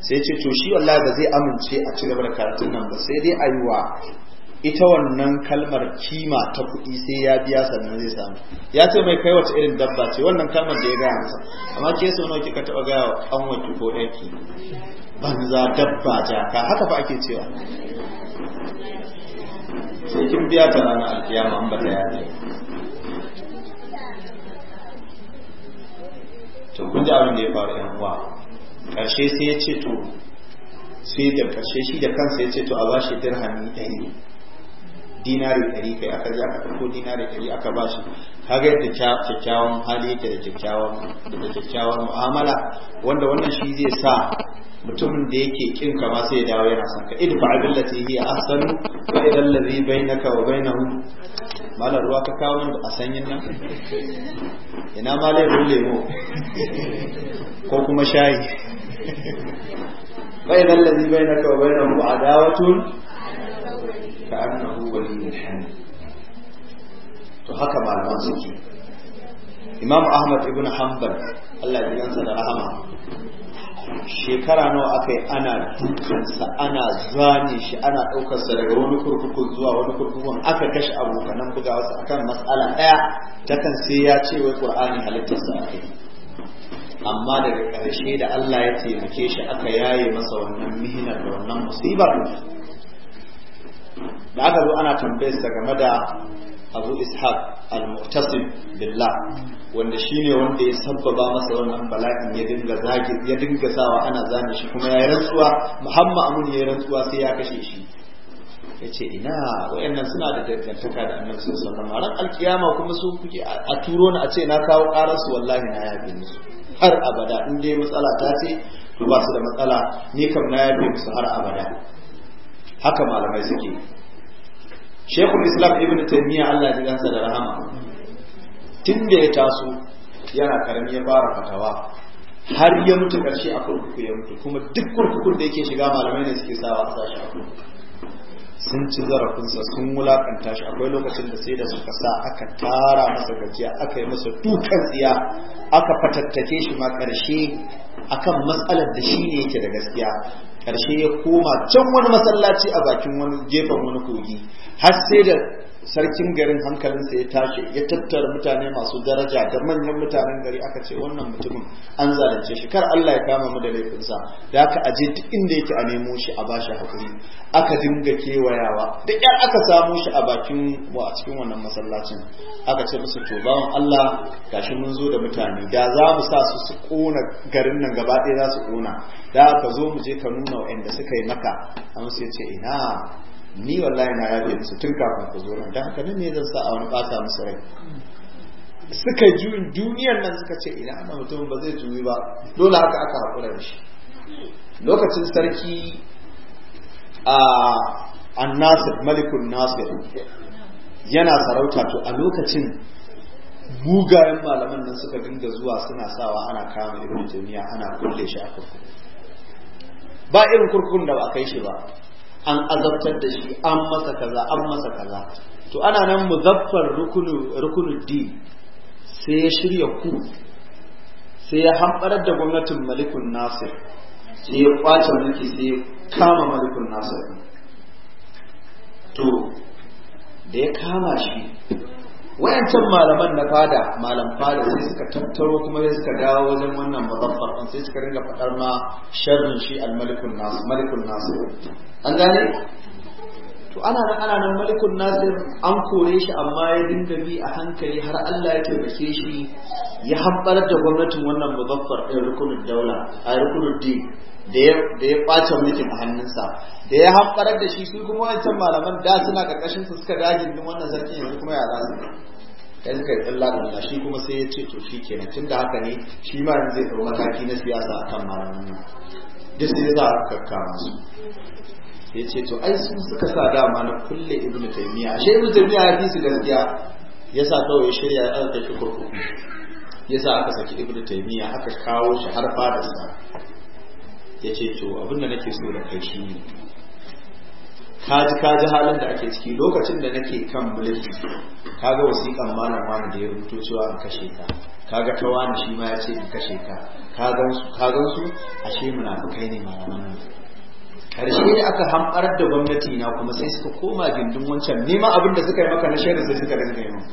sai ce to shi wallahi ba zai amince a ci gaba da karatun nan ba sai dai ayuwa ita wannan kalmar kima ta kuɗi sai ya biya sannan zai samu ya ce mai kai wata irin dabba ce wannan kalmar da ya gaya masa amma ke sau nawa kika taɓa gaya wa ƙanwarki ko ɗaki banza dabba jaka haka fa ake cewa sai kin biya ta ranar alkiyama an bata yaje to kun ji abin da ya faru yan uwa karshe sai ya ce to sai da karshe shi da kansa ya ce to a ba shi dirhami ɗari dinari ɗari kai aka ji aka ɗauko dinari ɗari aka ba shi kaga yadda kyakkyawan hali yake da kyakkyawan da kyakkyawan mu'amala wanda wannan shi zai sa mutumin da yake kin ka ba sai ya dawo yana son ka idfa billati hiya ahsanu wa idan allazi bainaka wa bainahu mala ruwa ka kawo min a sanyin nan ina ma laifin lemo ko kuma shayi wa idan allazi bainaka wa bainahu adawatun ka annahu waliyyun hamid to haka malaman suke imam ahmad ibn hanbal allah ya da rahama shekara nawa aka yi ana dukansa ana zane shi ana ɗaukarsa daga wani kurkuku zuwa wani kurkukun aka kashe abokanan buga wasu akan matsala ɗaya ta kan sai ya ce wai ƙur'ani halittarsa aka yi amma daga ƙarshe da Allah ya taimake shi aka yaye masa wannan mihinar da wannan musibar da aka zo ana tambayarsa game da abu ishaq al-mu'tasim billah wanda shine wanda ya sabbaba masa wannan bala'in ya dinga zagi ya dinga sawa ana zane shi kuma ya rantsuwa muhammad amun ya rantsuwa sai ya kashe shi yace ina wayannan suna da dangantaka da annabi sallallahu alaihi wasallam ran alkiyama kuma su kuke a turo ni a ce na kawo karar su wallahi na yabe ni har abada in dai matsala ta ce to ba su da matsala ni kam na yabe musu har abada haka malamai suke shekul islam ibn taimiyya allah ji gansa da rahama tun da ya taso yana karami ya fara fatawa har ya mutu karshe a kurkuku ya mutu kuma duk kurkukun da yake shiga malamai ne suke sawa a sashi a sun ci zarafinsa sun wulakanta shi akwai lokacin da sai da suka sa aka tara masa gajiya aka yi masa dukan tsiya aka fatattake shi ma karshe akan matsalar da shi ne yake da gaskiya karshe ya koma can wani masallaci a bakin wani gefen wani kogi har sai da sarkin garin hankalinsa ya tashi ya tattara mutane masu daraja da manyan mutanen gari aka ce wannan mutumin an zalunce shi kar Allah ya kama mu da laifinsa da aka aje duk inda yake a nemo shi a bashi hakuri aka dinga kewayawa da yar aka samu shi a bakin mu a cikin wannan masallacin aka ce musu to bawan Allah gashi mun zo da mutane da za mu sa su su kona garin nan gaba ɗaya za su kona da aka zo mu je ka nuna wa'anda suka yi maka an sai ce ina ni wallahi na yabe musu tun kafin ku zo nan dan haka nan ne zan sa a wani bata musu rai suka juyin duniyar nan suka ce ina wannan mutum ba zai juyi ba dole haka aka hakura da shi lokacin sarki a annasir malikun nasir yana sarauta to a lokacin mugayen malaman nan suka dinga zuwa suna sawa ana kama irin duniya ana kulle shi a kurkuku ba irin kurkukun da ba a kai shi ba an azabtar da shi an masa kaza an masa kaza to ana nan muzaffar rukunin di sai ya shirya ku sai ya hamɓarar da gwamnatin malikun nasir sai ya kwace mulki sai ya kama malikun nasir to da ya kama shi wayancan malaman na fada malam fada sai suka tattaro kuma sai suka dawo wajen wannan mazabbar an sai suka ringa fadar ma sharrin shi al-malikun nas malikun nas an gane to ana nan ana nan malikun an kore shi amma ya dinga bi a hankali har Allah ya taimake shi ya habbar da gwamnatin wannan muzaffar ɗin rukunin daula a rukunin din da ya ɓace mulkin a hannunsa da ya hamɓarar da shi su kuma wancan malaman da suna ƙarƙashin su suka dajin din wannan zarkin yanzu kuma yara su kai suka yi tsalla da Allah shi kuma sai ya ce to shi kenan tun da haka ne shi ma yanzu zai ɗau mataki na siyasa akan malaman nan duk sai za a kakkama ya ce to ai sun suka sa dama na kulle ibnu taymiya ashe ibnu taymiya ya fi su gaskiya ya sa kawai shirya ya shi kurkuku ya sa aka saki ibnu taymiya aka kawo shi har fadarsa ya ce to da nake so da kai shi ne kaji kaji halin da ake ciki lokacin da nake kan mulki kaga wasiƙan malam wani da ya rubuto cewa in kashe ka kaga ta wani shi ma ya ce in kashe ka ka gan su ashe munafukai ne malaman karshe ne aka hamɓar da gwamnati na kuma sai suka koma gindin wancan nema abin da suka yi maka na shaida sai suka rinka yi mun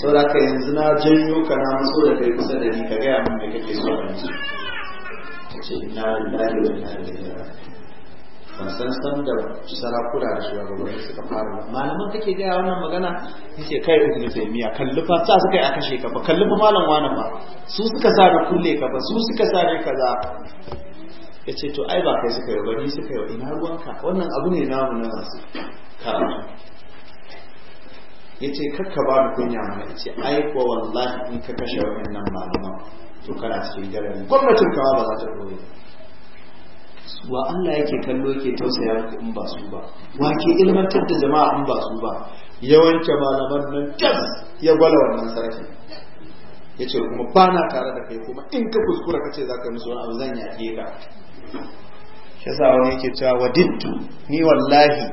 saboda ka yanzu na janyo ka na matso da kai kusa da ni ka gaya min me kake so a yanzu ce ina lillahi wani ina ilaihi raji'un ban san san da sarakuna da wani suka fara malaman kake gaya wannan magana yace kai ibn taymiya kalli fa sa suka yi aka sheka ba kalli fa malam wani ba su suka sa da kulle ka ba su suka sa da kaza yace to ai ba kai suka yi ba ni suka yi ina ruwanka wannan abu ne mu na masu ka yace kakka ba da kunya mana yace ai ko wallahi in ka kashe wannan malaman to kana cikin jarabi gwamnatin kawa ba za ta ɗore wa Allah yake kallo yake tausaya muku in ba su ba wa ke ilmantar da jama'a in ba su ba Yawancin malaman nan jas ya gwala wannan sarki ya ce kuma ba na tare da kai kuma in ka kuskura ka ce za ka musu wani abu zan yaƙe ka shi yasa wani yake cewa wa dittu ni wallahi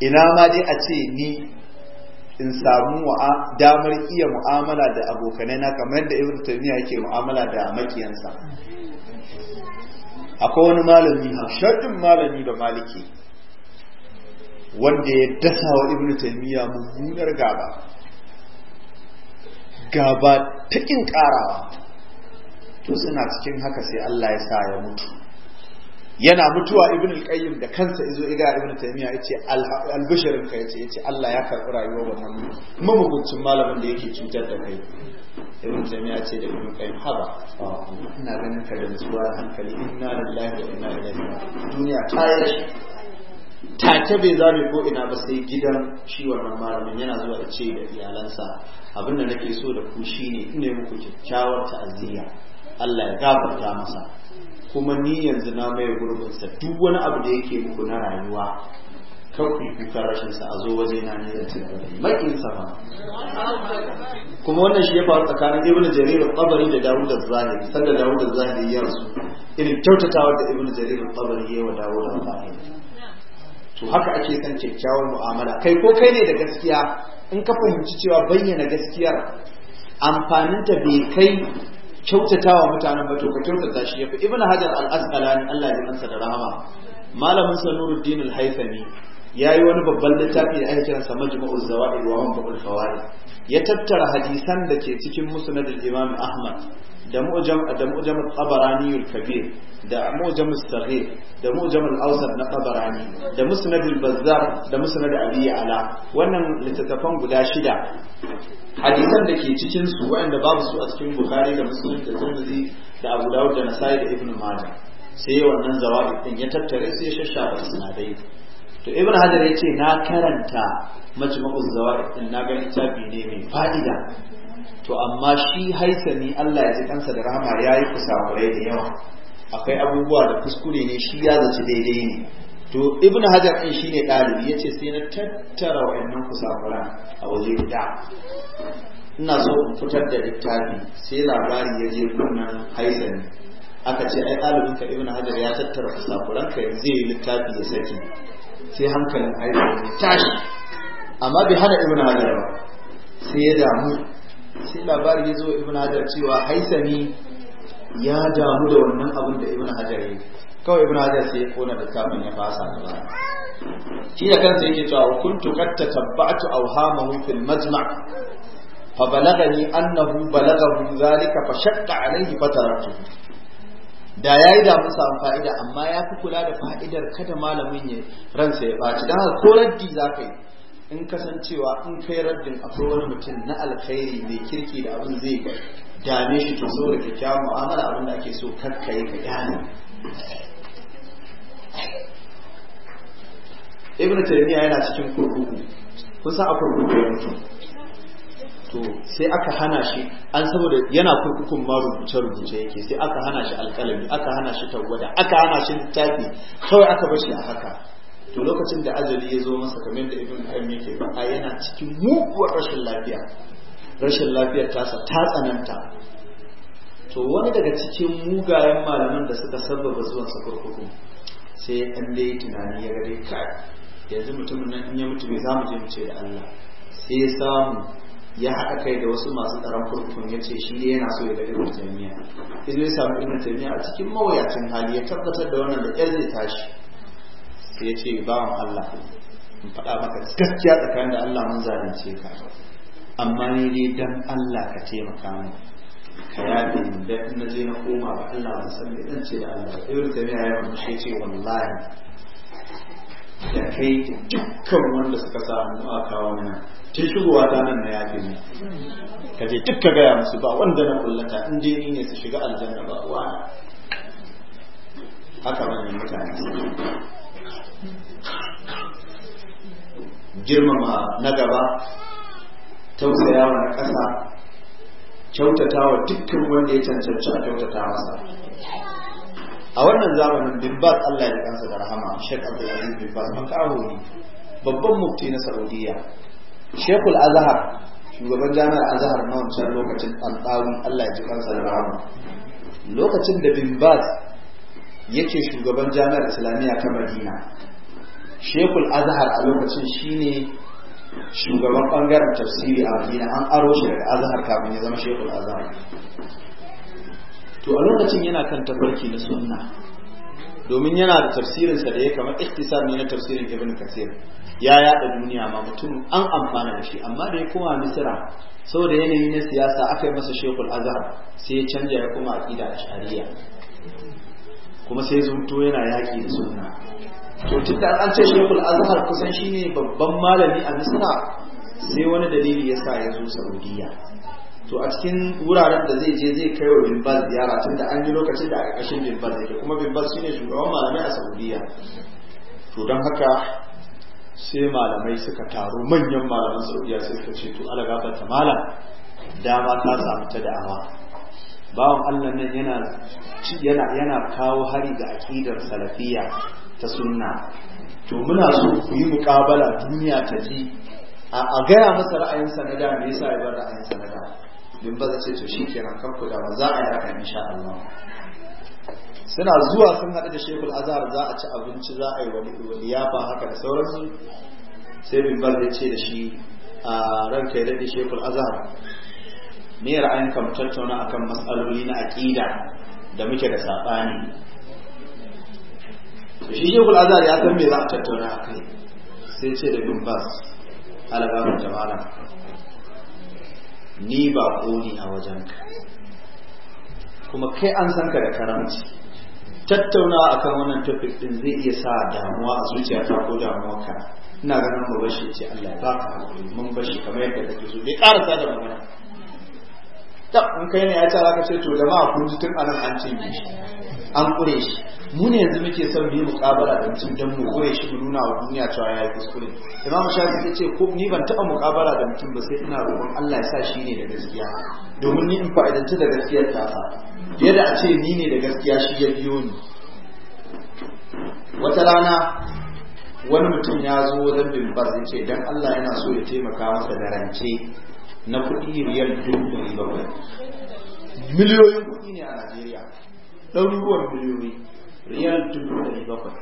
ina ma dai a ce ni in samu damar iya mu'amala da abokanai na kamar da ibn taymiya yake mu'amala da makiyansa akwai wani malami shaddin malami da maliki wanda ya dasa wa ibn taymiya mummunar gaba gaba ta kin karawa to suna cikin haka sai Allah ya sa ya mutu yana mutuwa ibn al-qayyim da kansa izo iga ibn taymiya yace al-basharin ka yace yace Allah ya karbi rayuwar wannan mamuguncin malamin da yake cutar da kai ibn taymiya yace da ibn qayyim haba ina ganin ka da zuwa hankali inna lillahi wa inna ilaihi raji'un duniya ta yi ta ta bai zabe ko ina ba sai gidan shi wannan malamin yana zuwa da ce da iyalansa abinda nake so da ku shine ina muku kyakkyawar ta'aziyya Allah ya gafarta masa kuma ni yanzu na mai gurbinsa duk wani abu da yake muku na rayuwa ku kuka rashin sa a zo waje na ne da cikin makin sa ba kuma wannan shi ya faru tsakanin ibn jarir al-qabari da dawud al zahiri sanda dawud al zahiri ya rasu irin kyautatawa da ibn jarir al ya ya wa dawud al zahiri to haka ake san kyakkyawar mu'amala kai ko kai ne da gaskiya in ka fahimci cewa bayyana gaskiyar amfaninta bai kai kyautatawa mutanen ba to ka kyautata shi fi ibnu hajar al-asqalani Allah ya masa da rahama malamin sanuruddin al-haythami yayi wani babban littafi da ake kiransa majmu'ul zawaid wa mabul fawaid ya tattara hadisan da ke cikin musnad al-imam ahmad da mu'jam da mu'jam al-Tabarani al-Kabir da mu'jam al-Saghir da mu'jam al-Awsat na Tabarani da musnad al-Bazzar da musnad Abi Ala wannan littattafan guda shida hadisan da ke cikin su wanda babu su a cikin Bukhari da Muslim da Tirmidhi da Abu Dawud da Nasa'i da Ibn Majah sai wannan zawabi din ya tattare sai ya shashaba sanadai to ibn hajar ya ce na karanta majma'uz zawaid din na ga littafi ne mai fa'ida to amma shi haisani Allah ya ji kansa da rahama ya yi kusakurai da yawa akwai abubuwa da kuskure ne shi ya zaci daidai ne to ibnu hajar shi ne ɗalibi ya ce sai na tattara wayannan kusafuran a waje guda ina so in fitar da littafi sai labari ya je kunnan haisani. aka ce ai ɗalibin ka ibnu hajar ya tattara kusakuran ka yanzu zai yi littafi ya saki sai hankalin ya tashi amma bai hana ibnu hajar ba sai ya damu sai labari ya zo ibn hajar cewa haisami ya damu da wannan abin da ibn hajar yi kawai ibn hajar sai ya kona da kafin ya fasa ba shi da kansa yake cewa kuntu katta tabba'tu awhamahu fil majma' fa balagani annahu balagahu zalika fa shaqqa alayhi fa da yayi da damu samu fa'ida amma ya fi kula da fa'idar kada malamin ya ransa ya ɓaci don haka ko raddi yi in kasancewa in kai raddin akwai wani mutum na alkhairi mai kirki da abin zai dame shi to so da kyakkyawar mu'amala abin da ake so kakkaye ka gane ibn yana cikin kurkuku kusa a kurkuku ya mutu to sai aka hana shi an saboda yana kurkukun ma rubuce-rubuce yake sai aka hana shi alkalami aka hana shi tawwada aka hana shi littafi kawai aka bar a haka to lokacin da ajali ya zo masa kamar da ibn qayyim yake a yana cikin muguwar rashin lafiya rashin lafiyar tasa ta tsananta to wani daga cikin mugayen malaman da suka sababa zuwan sa kurkuku sai ya dan dai tunani ya gare ka yanzu mutumin nan in ya mutu me za mu je mu ce da Allah sai ya samu ya haɗa kai da wasu masu tsaron kurkukun ya ce shi yana so ya daga ibn ya samu ibn taymiya a cikin mawayacin hali ya tabbatar da wannan da ƙyar zai tashi sai ya ce bawan Allah in faɗa maka gaskiya tsakanin da Allah mun zalunce ka amma ni dai dan Allah ka taimaka min ka yafe yi. da na je na koma ba Allah ban san me zan ce da Allah ibn tabiya ya mun shi ce wallahi da kai dukkan wanda suka samu a kawo mana tun shigowa ta nan na yafe ne. ka je duk ka gaya musu ba wanda na kullata in je ni ne su shiga aljanna ba wa haka manyan mutane girmama na gaba tausaya wa ƙasa kyautata wa dukkan wanda ya cancanci a kyautata masa a wannan zamanin bin Allah ya kansa da rahama Sheikh Abdulaziz bin Baz makaho ne babban mufti na Saudiya Shekul Azhar shugaban jami'ar Azhar na wancan lokacin alƙawun Allah ya ji kansa da rahama lokacin da bin Baz yake shugaban jami'ar Islamiyya ta Madina shekul azhar a lokacin shine shugaban bangaren tafsiri a madina an aro shi daga azhar kafin ya zama shekul azhar to a lokacin yana kan tafarki na sunna domin yana da tafsirinsa da ya kama ikhtisar ne na tafsirin ibn kasir ya yada duniya ma mutum an amfana da shi amma da ya koma misira saboda yanayi na siyasa aka yi masa shekul azhar sai ya canja ya koma a ashariya kuma sai zumto yana yaƙi da sunna to tunda an ce shekul azhar kusan shine babban malami a misra sai wani dalili ya sa ya zo saudiya to a cikin wuraren da zai je zai kai wa bimbal ziyara tunda an yi lokacin da a ƙarƙashin bimbal ke kuma bimbal shine shugaban malamai a saudiya to don haka sai malamai suka taru manyan malaman saudiya sai suka ce to ala gabata malam dama ta samu ta da'awa bawan allah nan yana yana kawo hari ga aƙidar salafiya ta sunna to muna so ku yi muƙabala duniya ta ji a gaya masa ra'ayinsa na da me yasa ya bar ra'ayinsa na da din ba ce to shi kenan kan ku da ba za a yi haka insha Allah suna zuwa sun haɗu da shekul azhar za a ci abinci za a yi wani liyafa haka da sauransu sai bin bar ce da shi a ranka ya daɗe shekul azhar me ra'ayinka mu tattauna akan matsaloli na aƙida da muke da saɓani to shi shekul azhar ya san me za a tattauna a kai sai ce da bin bas jama'a ni ba koni a wajenka kuma kai an san ka da karamci tattauna kan wannan topic din zai iya sa damuwa a zuciya ta ko damuwa ka ina ganin mu bashi ce Allah ba ka hakuri mun bashi kamar yadda kake so bai sa da magana ta in kai ne ya ce ka ce to jama'a kun ji tun anan an ce shi an ƙure shi mu ne yanzu muke son mu yi da mutum don mu ƙure shi mu nuna wa duniya cewa ya yi kuskure imam shafi ya ce ko ni ban taɓa muƙabala da mutum ba sai ina roƙon Allah ya sa shi ne da gaskiya domin ni in fa'idanci da gaskiyar tasa fiye da a ce ni ne da gaskiya shi ya biyo ni wata rana wani mutum ya zo wajen bin bas ya ce dan Allah yana so ya taimaka masa da rance na kuɗi riyal dubu ɗari miliyoyin kuɗi ne a Najeriya ɗaruruwan miliyoyi riyal dubu ne bakwai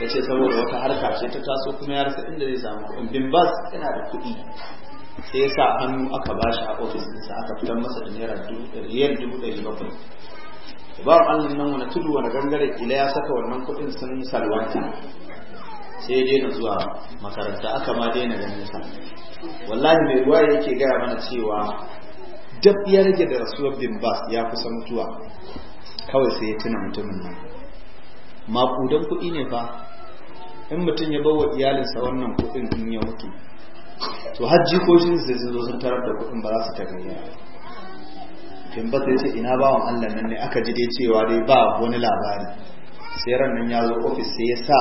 ya ce saboda wata harka ce ta taso kuma ya rasa inda zai samu kuɗin bin bas yana da kuɗi sai ya sa hannu aka ba shi a ofis ɗinsa aka fitar masa da naira riyal dubu ɗari bakwai ba Allah nan wani tudu wani gangare ila ya saka wannan kuɗin sun salwanta sai ya daina zuwa makaranta aka ma daina ganin sa wallahi mai ruwa yake gaya mana cewa dab ya rage da rasuwar bin bas ya kusa mutuwa kawai sai ya tuna mutumin nan maƙudan kuɗi ne fa in mutum ya bawa iyalinsa wannan kuɗin in ya mutu to hajji ko shi zai zo sun tarar da kuɗin ba za su ta gani bin bas ya ce ina bawan allah nan ne aka ji dai cewa dai ba wani labari sai ran nan ya zo ofis sai ya sa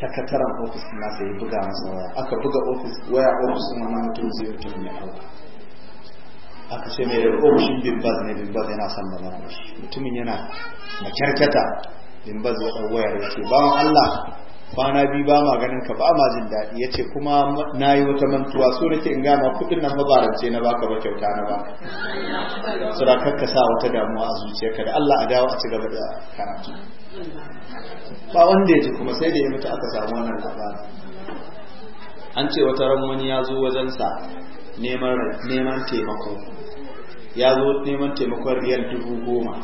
sakataren ofis sai ya buga masa waya aka buga ofis waya ofis na mutum zai mutum ya auka aka ce mai yarko shi bimbaz ne bimbaz yana son da da shi mutumin yana makyarkata kyarkyata bimbaz ya ɗau wayar ya ce bawan Allah kwana biyu ba ma ganin ka ba ma jin daɗi ya ce kuma na yi wata mantuwa so nake in gama kuɗin nan mabarance na baka ba kyauta na ba sura kakka sa wata damuwa a zuciyarka da Allah a dawo a ci gaba da karatu ba wanda ya ji kuma sai da ya mutu aka samu wannan labarin an ce wata ran wani ya zo wajensa neman taimako ya zo neman taimakon riyar dubu goma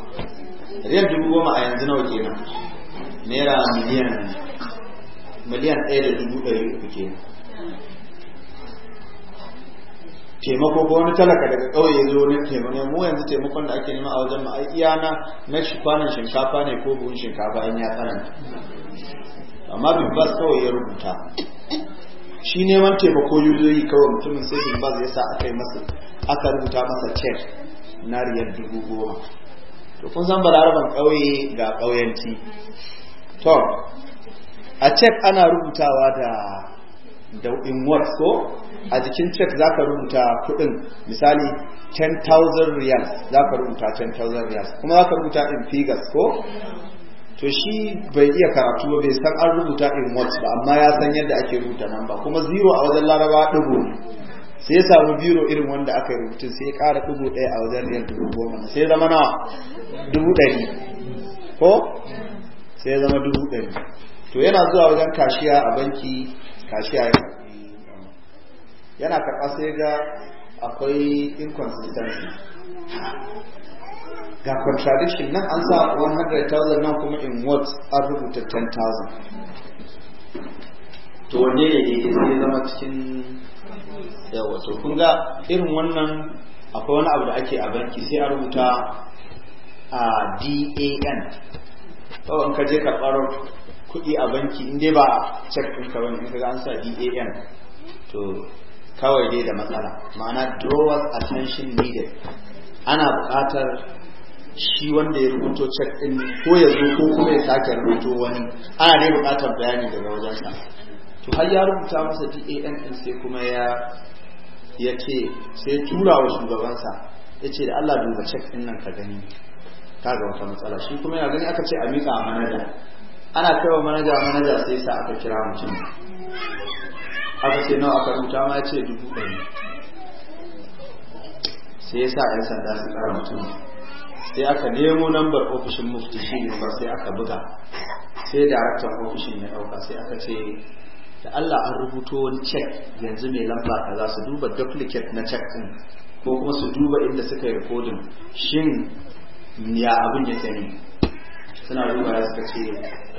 riyar dubu goma a yanzu nawa kenan naira miliyan miliyan ɗaya da dubu ɗari uku kenan taimako ko wani talaka daga ƙauye ya zo wani taimako mu yanzu taimakon da ake nema a wajen mu iya na na kwanan shinkafa ne ko buhun shinkafa in ya tsananta amma bin bas kawai ya rubuta shi neman taimako yoyoyi kawai mutumin sai shi ba ya sa aka yi masa aka rubuta masa cek na riyar dubu goma to kun san balaraban ƙauye ga ƙauyanci to a cek ana rubutawa da da in what ko a jikin cek za ka rubuta kuɗin, misali 10000 riyals ka rubuta 10000 riyals kuma za ka rubuta in figures ko to shi bai iya karatu ba bai san an rubuta in words ba amma ya san yadda ake rubuta nan ba kuma zero a wajen laraba dubu sai ya samu biro irin wanda aka rubuta sai ya kara ɗigo ɗaya a wajen riyal dubu goma sai zama na dubu ɗari ko sai zama dubu ɗari to yana zuwa wajen kashiya a banki kashiya ya yana karɓa sai ga akwai inconsistency ga contradiction nan an sa 100,000 nan kuma in words an rubuta 10,000 to wanne ne ne zai zama cikin yawa to kun ga irin wannan akwai wani abu da ake a banki sai a rubuta a dan kawai ka je karɓar kuɗi a banki in dai ba cek ɗinka ba ne ga an sa dan to kawai dai da matsala ma'ana drawers attention needed ana buƙatar shi wanda ya rubuto cek din ko ya zo ko kuma ya sake rubuto wani ana ne bukatar bayani daga wajensa to har ya rubuta masa DAN din sai kuma ya ya ce sai tura wa shugabansa ya ce da Allah duba cek din nan ka gani ka ga wata matsala shi kuma yana gani aka ce a miƙa a manaja ana kai wa manaja manaja sai sa aka kira mutum aka ce nawa aka rubuta ma ya ce dubu ɗari sai ya sa 'yan sanda su ƙara mutum sai aka nemo lambar ofishin mufti shi ne sai aka buga sai daraktan ofishin ya dauka sai aka ce da Allah an rubuto wani cek yanzu mai lamba ka za su duba duplicate na cek din ko kuma su duba inda suka yi rikodin shin ya abin ya sani suna duba ya suka ce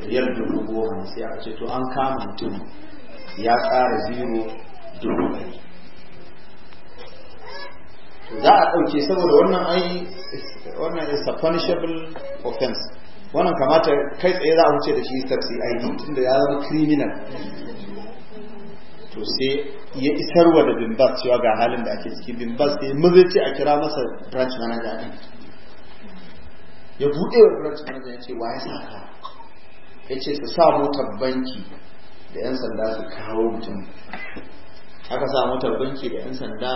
riyar dubu goma sai aka ce to an kama mutum ya kara zero dubu ɗari za a ɗauke saboda wannan ai wannan is a punishable offense wannan kamata kai tsaye za a wuce da shi taxi ID tunda ya zama criminal to sai ya isarwa da bimbas cewa ga halin da ake ciki bimbas sai mazai a kira masa branch manager din ya buɗe wa branch manager ya ce wa ya saka ya ce su sa motar banki da 'yan sanda su kawo mutum aka sa motar banki da 'yan sanda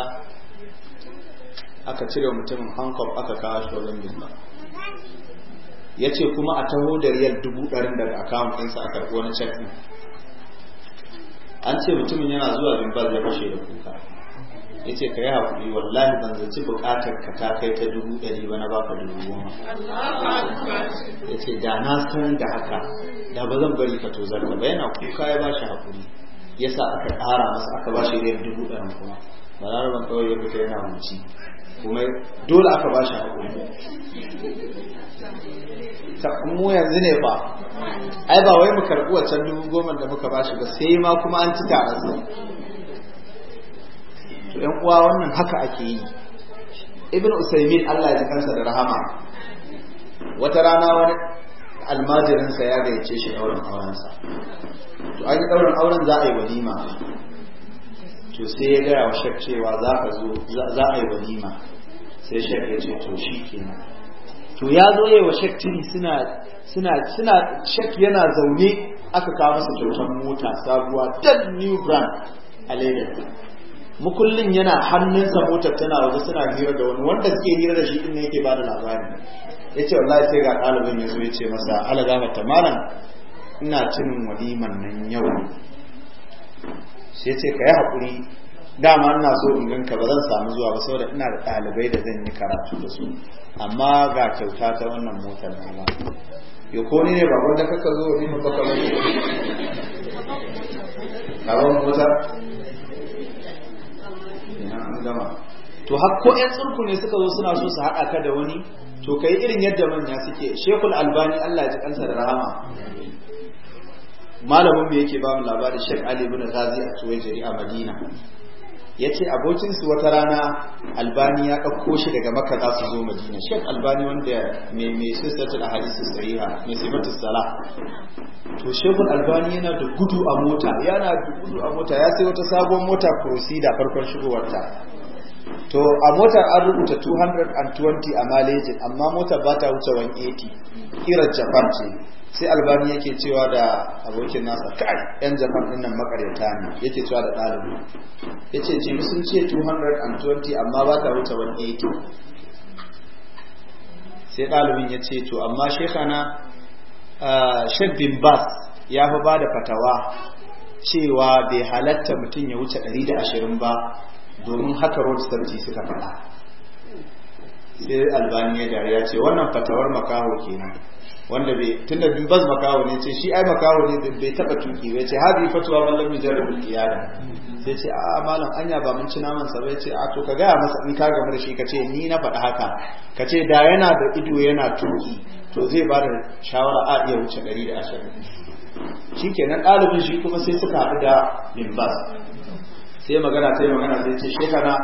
aka cire mutumin hankov aka kawo shi wajen ya ce kuma a taho da riyal dubu ɗarin daga akawun ɗinsa a karɓi wani cek an ce mutumin yana zuwa bimbal ya fashe da kuka ya ce ka yi haƙuri wallahi ban zaci buƙatar ka ta kai ta dubu ɗari ba na baka dubu goma ya ce da na san da haka da ba zan bari ka tozar ba yana kuka ya ba shi haƙuri ya sa aka ƙara masa aka ba shi riyal dubu ɗarin kuma balaraban kawai ya fita yana wanci kuma dole aka ba shi haƙuri mu yanzu ne ba ai ba wai mu karɓi wancan dubu goma da muka ba shi ba sai ma kuma an ci tarasa to ƴan uwa wannan haka ake yi ibn usaimin allah ya ji kansa da rahama wata rana wani almajirinsa ya gayyace shi ɗaurin aurensa to an yi ɗaurin auren za a yi walima to sai ya gaya wa shak cewa za ka zo za a yi walima sai shak ya ce to shi kenan to ya zo yi wa shak tiri suna suna yana zaune aka kawo masa kyautar mota sabuwa dead new brand a lagos mukullin yana hannunsa motar tana waje suna hira da wani wanda suke hira da shi inda yake bada labari ya ce wallahi sai ga ɗalibin ya zo ya ce masa alagama malam ina cin waliman nan yau sai ce ka yi haƙuri dama ina so in ganka ba zan samu zuwa ba saboda ina da ɗalibai da zan yi karatu da su amma ga kyauta ta wannan motar na ba ya ko ne ba wanda kaka zo ni mu kaka mai karon motar ina an gama to har ko ƴan tsurku ne suka zo suna so su haɗa ka da wani to yi irin yadda manya suke shekul albani Allah ya ji kansa da rahama malamin mu yake ba mu labarin Sheikh Ali ibn Razi a Suwaijiri a Madina yace abokin su wata rana Albani ya dauko shi daga Makka za su zo Madina Sheikh Albani wanda mai mai sistatul hadisi sahiha mai sifatu salah to Sheikh Albani yana da gudu a mota yana da gudu a mota ya sai wata sabon mota Crusader farkon shigowarta to a motar an rubuta 220 a malejin amma motar ba ta wuce 180 kira Japan ce sai albani yake cewa da abokin nasa kai yan japan dinnan makaryata ne yake cewa da ɗalibi ya ce sun ce 220 amma ba ta wuce 180 sai ɗalibin ya ce to amma shekana shabbin bas ya fi ba da fatawa cewa bai halatta mutum ya wuce 120 ba domin haka road sarki suka faɗa sai albani ya dariya ce wannan fatawar makaho kenan wanda bai tunda bin baz makawo ne ce shi ai makawo ne bai taba tuki bai ce hadi fatwa man lam yujarrib qiyada sai ce a malam anya ba mun ci naman sa bai ce a to ka ga masa in ka gamu da shi kace ni na faɗa haka kace da yana da ido yana tuki to zai ba da shawara a iya wuce 120 shikenan ɗalibin shi kuma sai suka haɗu da bin baz sai magana sai magana sai ce shekara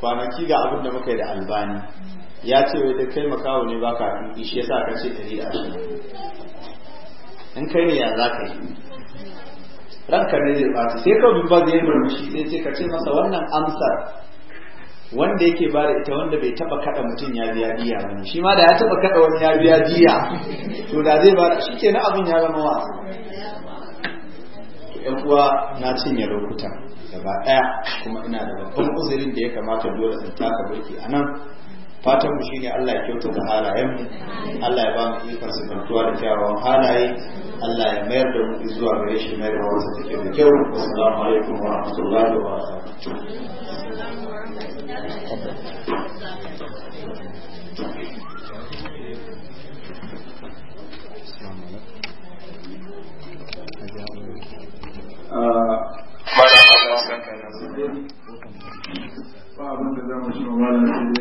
kwanaki ga abin da muka yi da albani ya ce wai da kai makawo ne baka tuki shi yasa ka ce ɗari da ashirin in kai ne ya za ka yi ranka ne zai ɓata. sai ka ba zai yi murmushi sai ce ka ce masa wannan amsar wanda yake ba da ita wanda bai taba kada mutum ya biya diya ba shi ma da ya taba kada wani ya biya diya to da zai ba shi ke na abin ya zama wa yan uwa na cinye lokuta gaba daya kuma ina da babban uzurin da ya kamata dole in taka a nan. fatan mu shine Allah ya kyautata halayen mu Allah ya ba mu ikon sifantuwa da kyawawan halaye Allah ya mayar da mu zuwa gare shi mayar da wasu take da kyau assalamu alaikum wa rahmatullahi wa barakatuh ba abin shi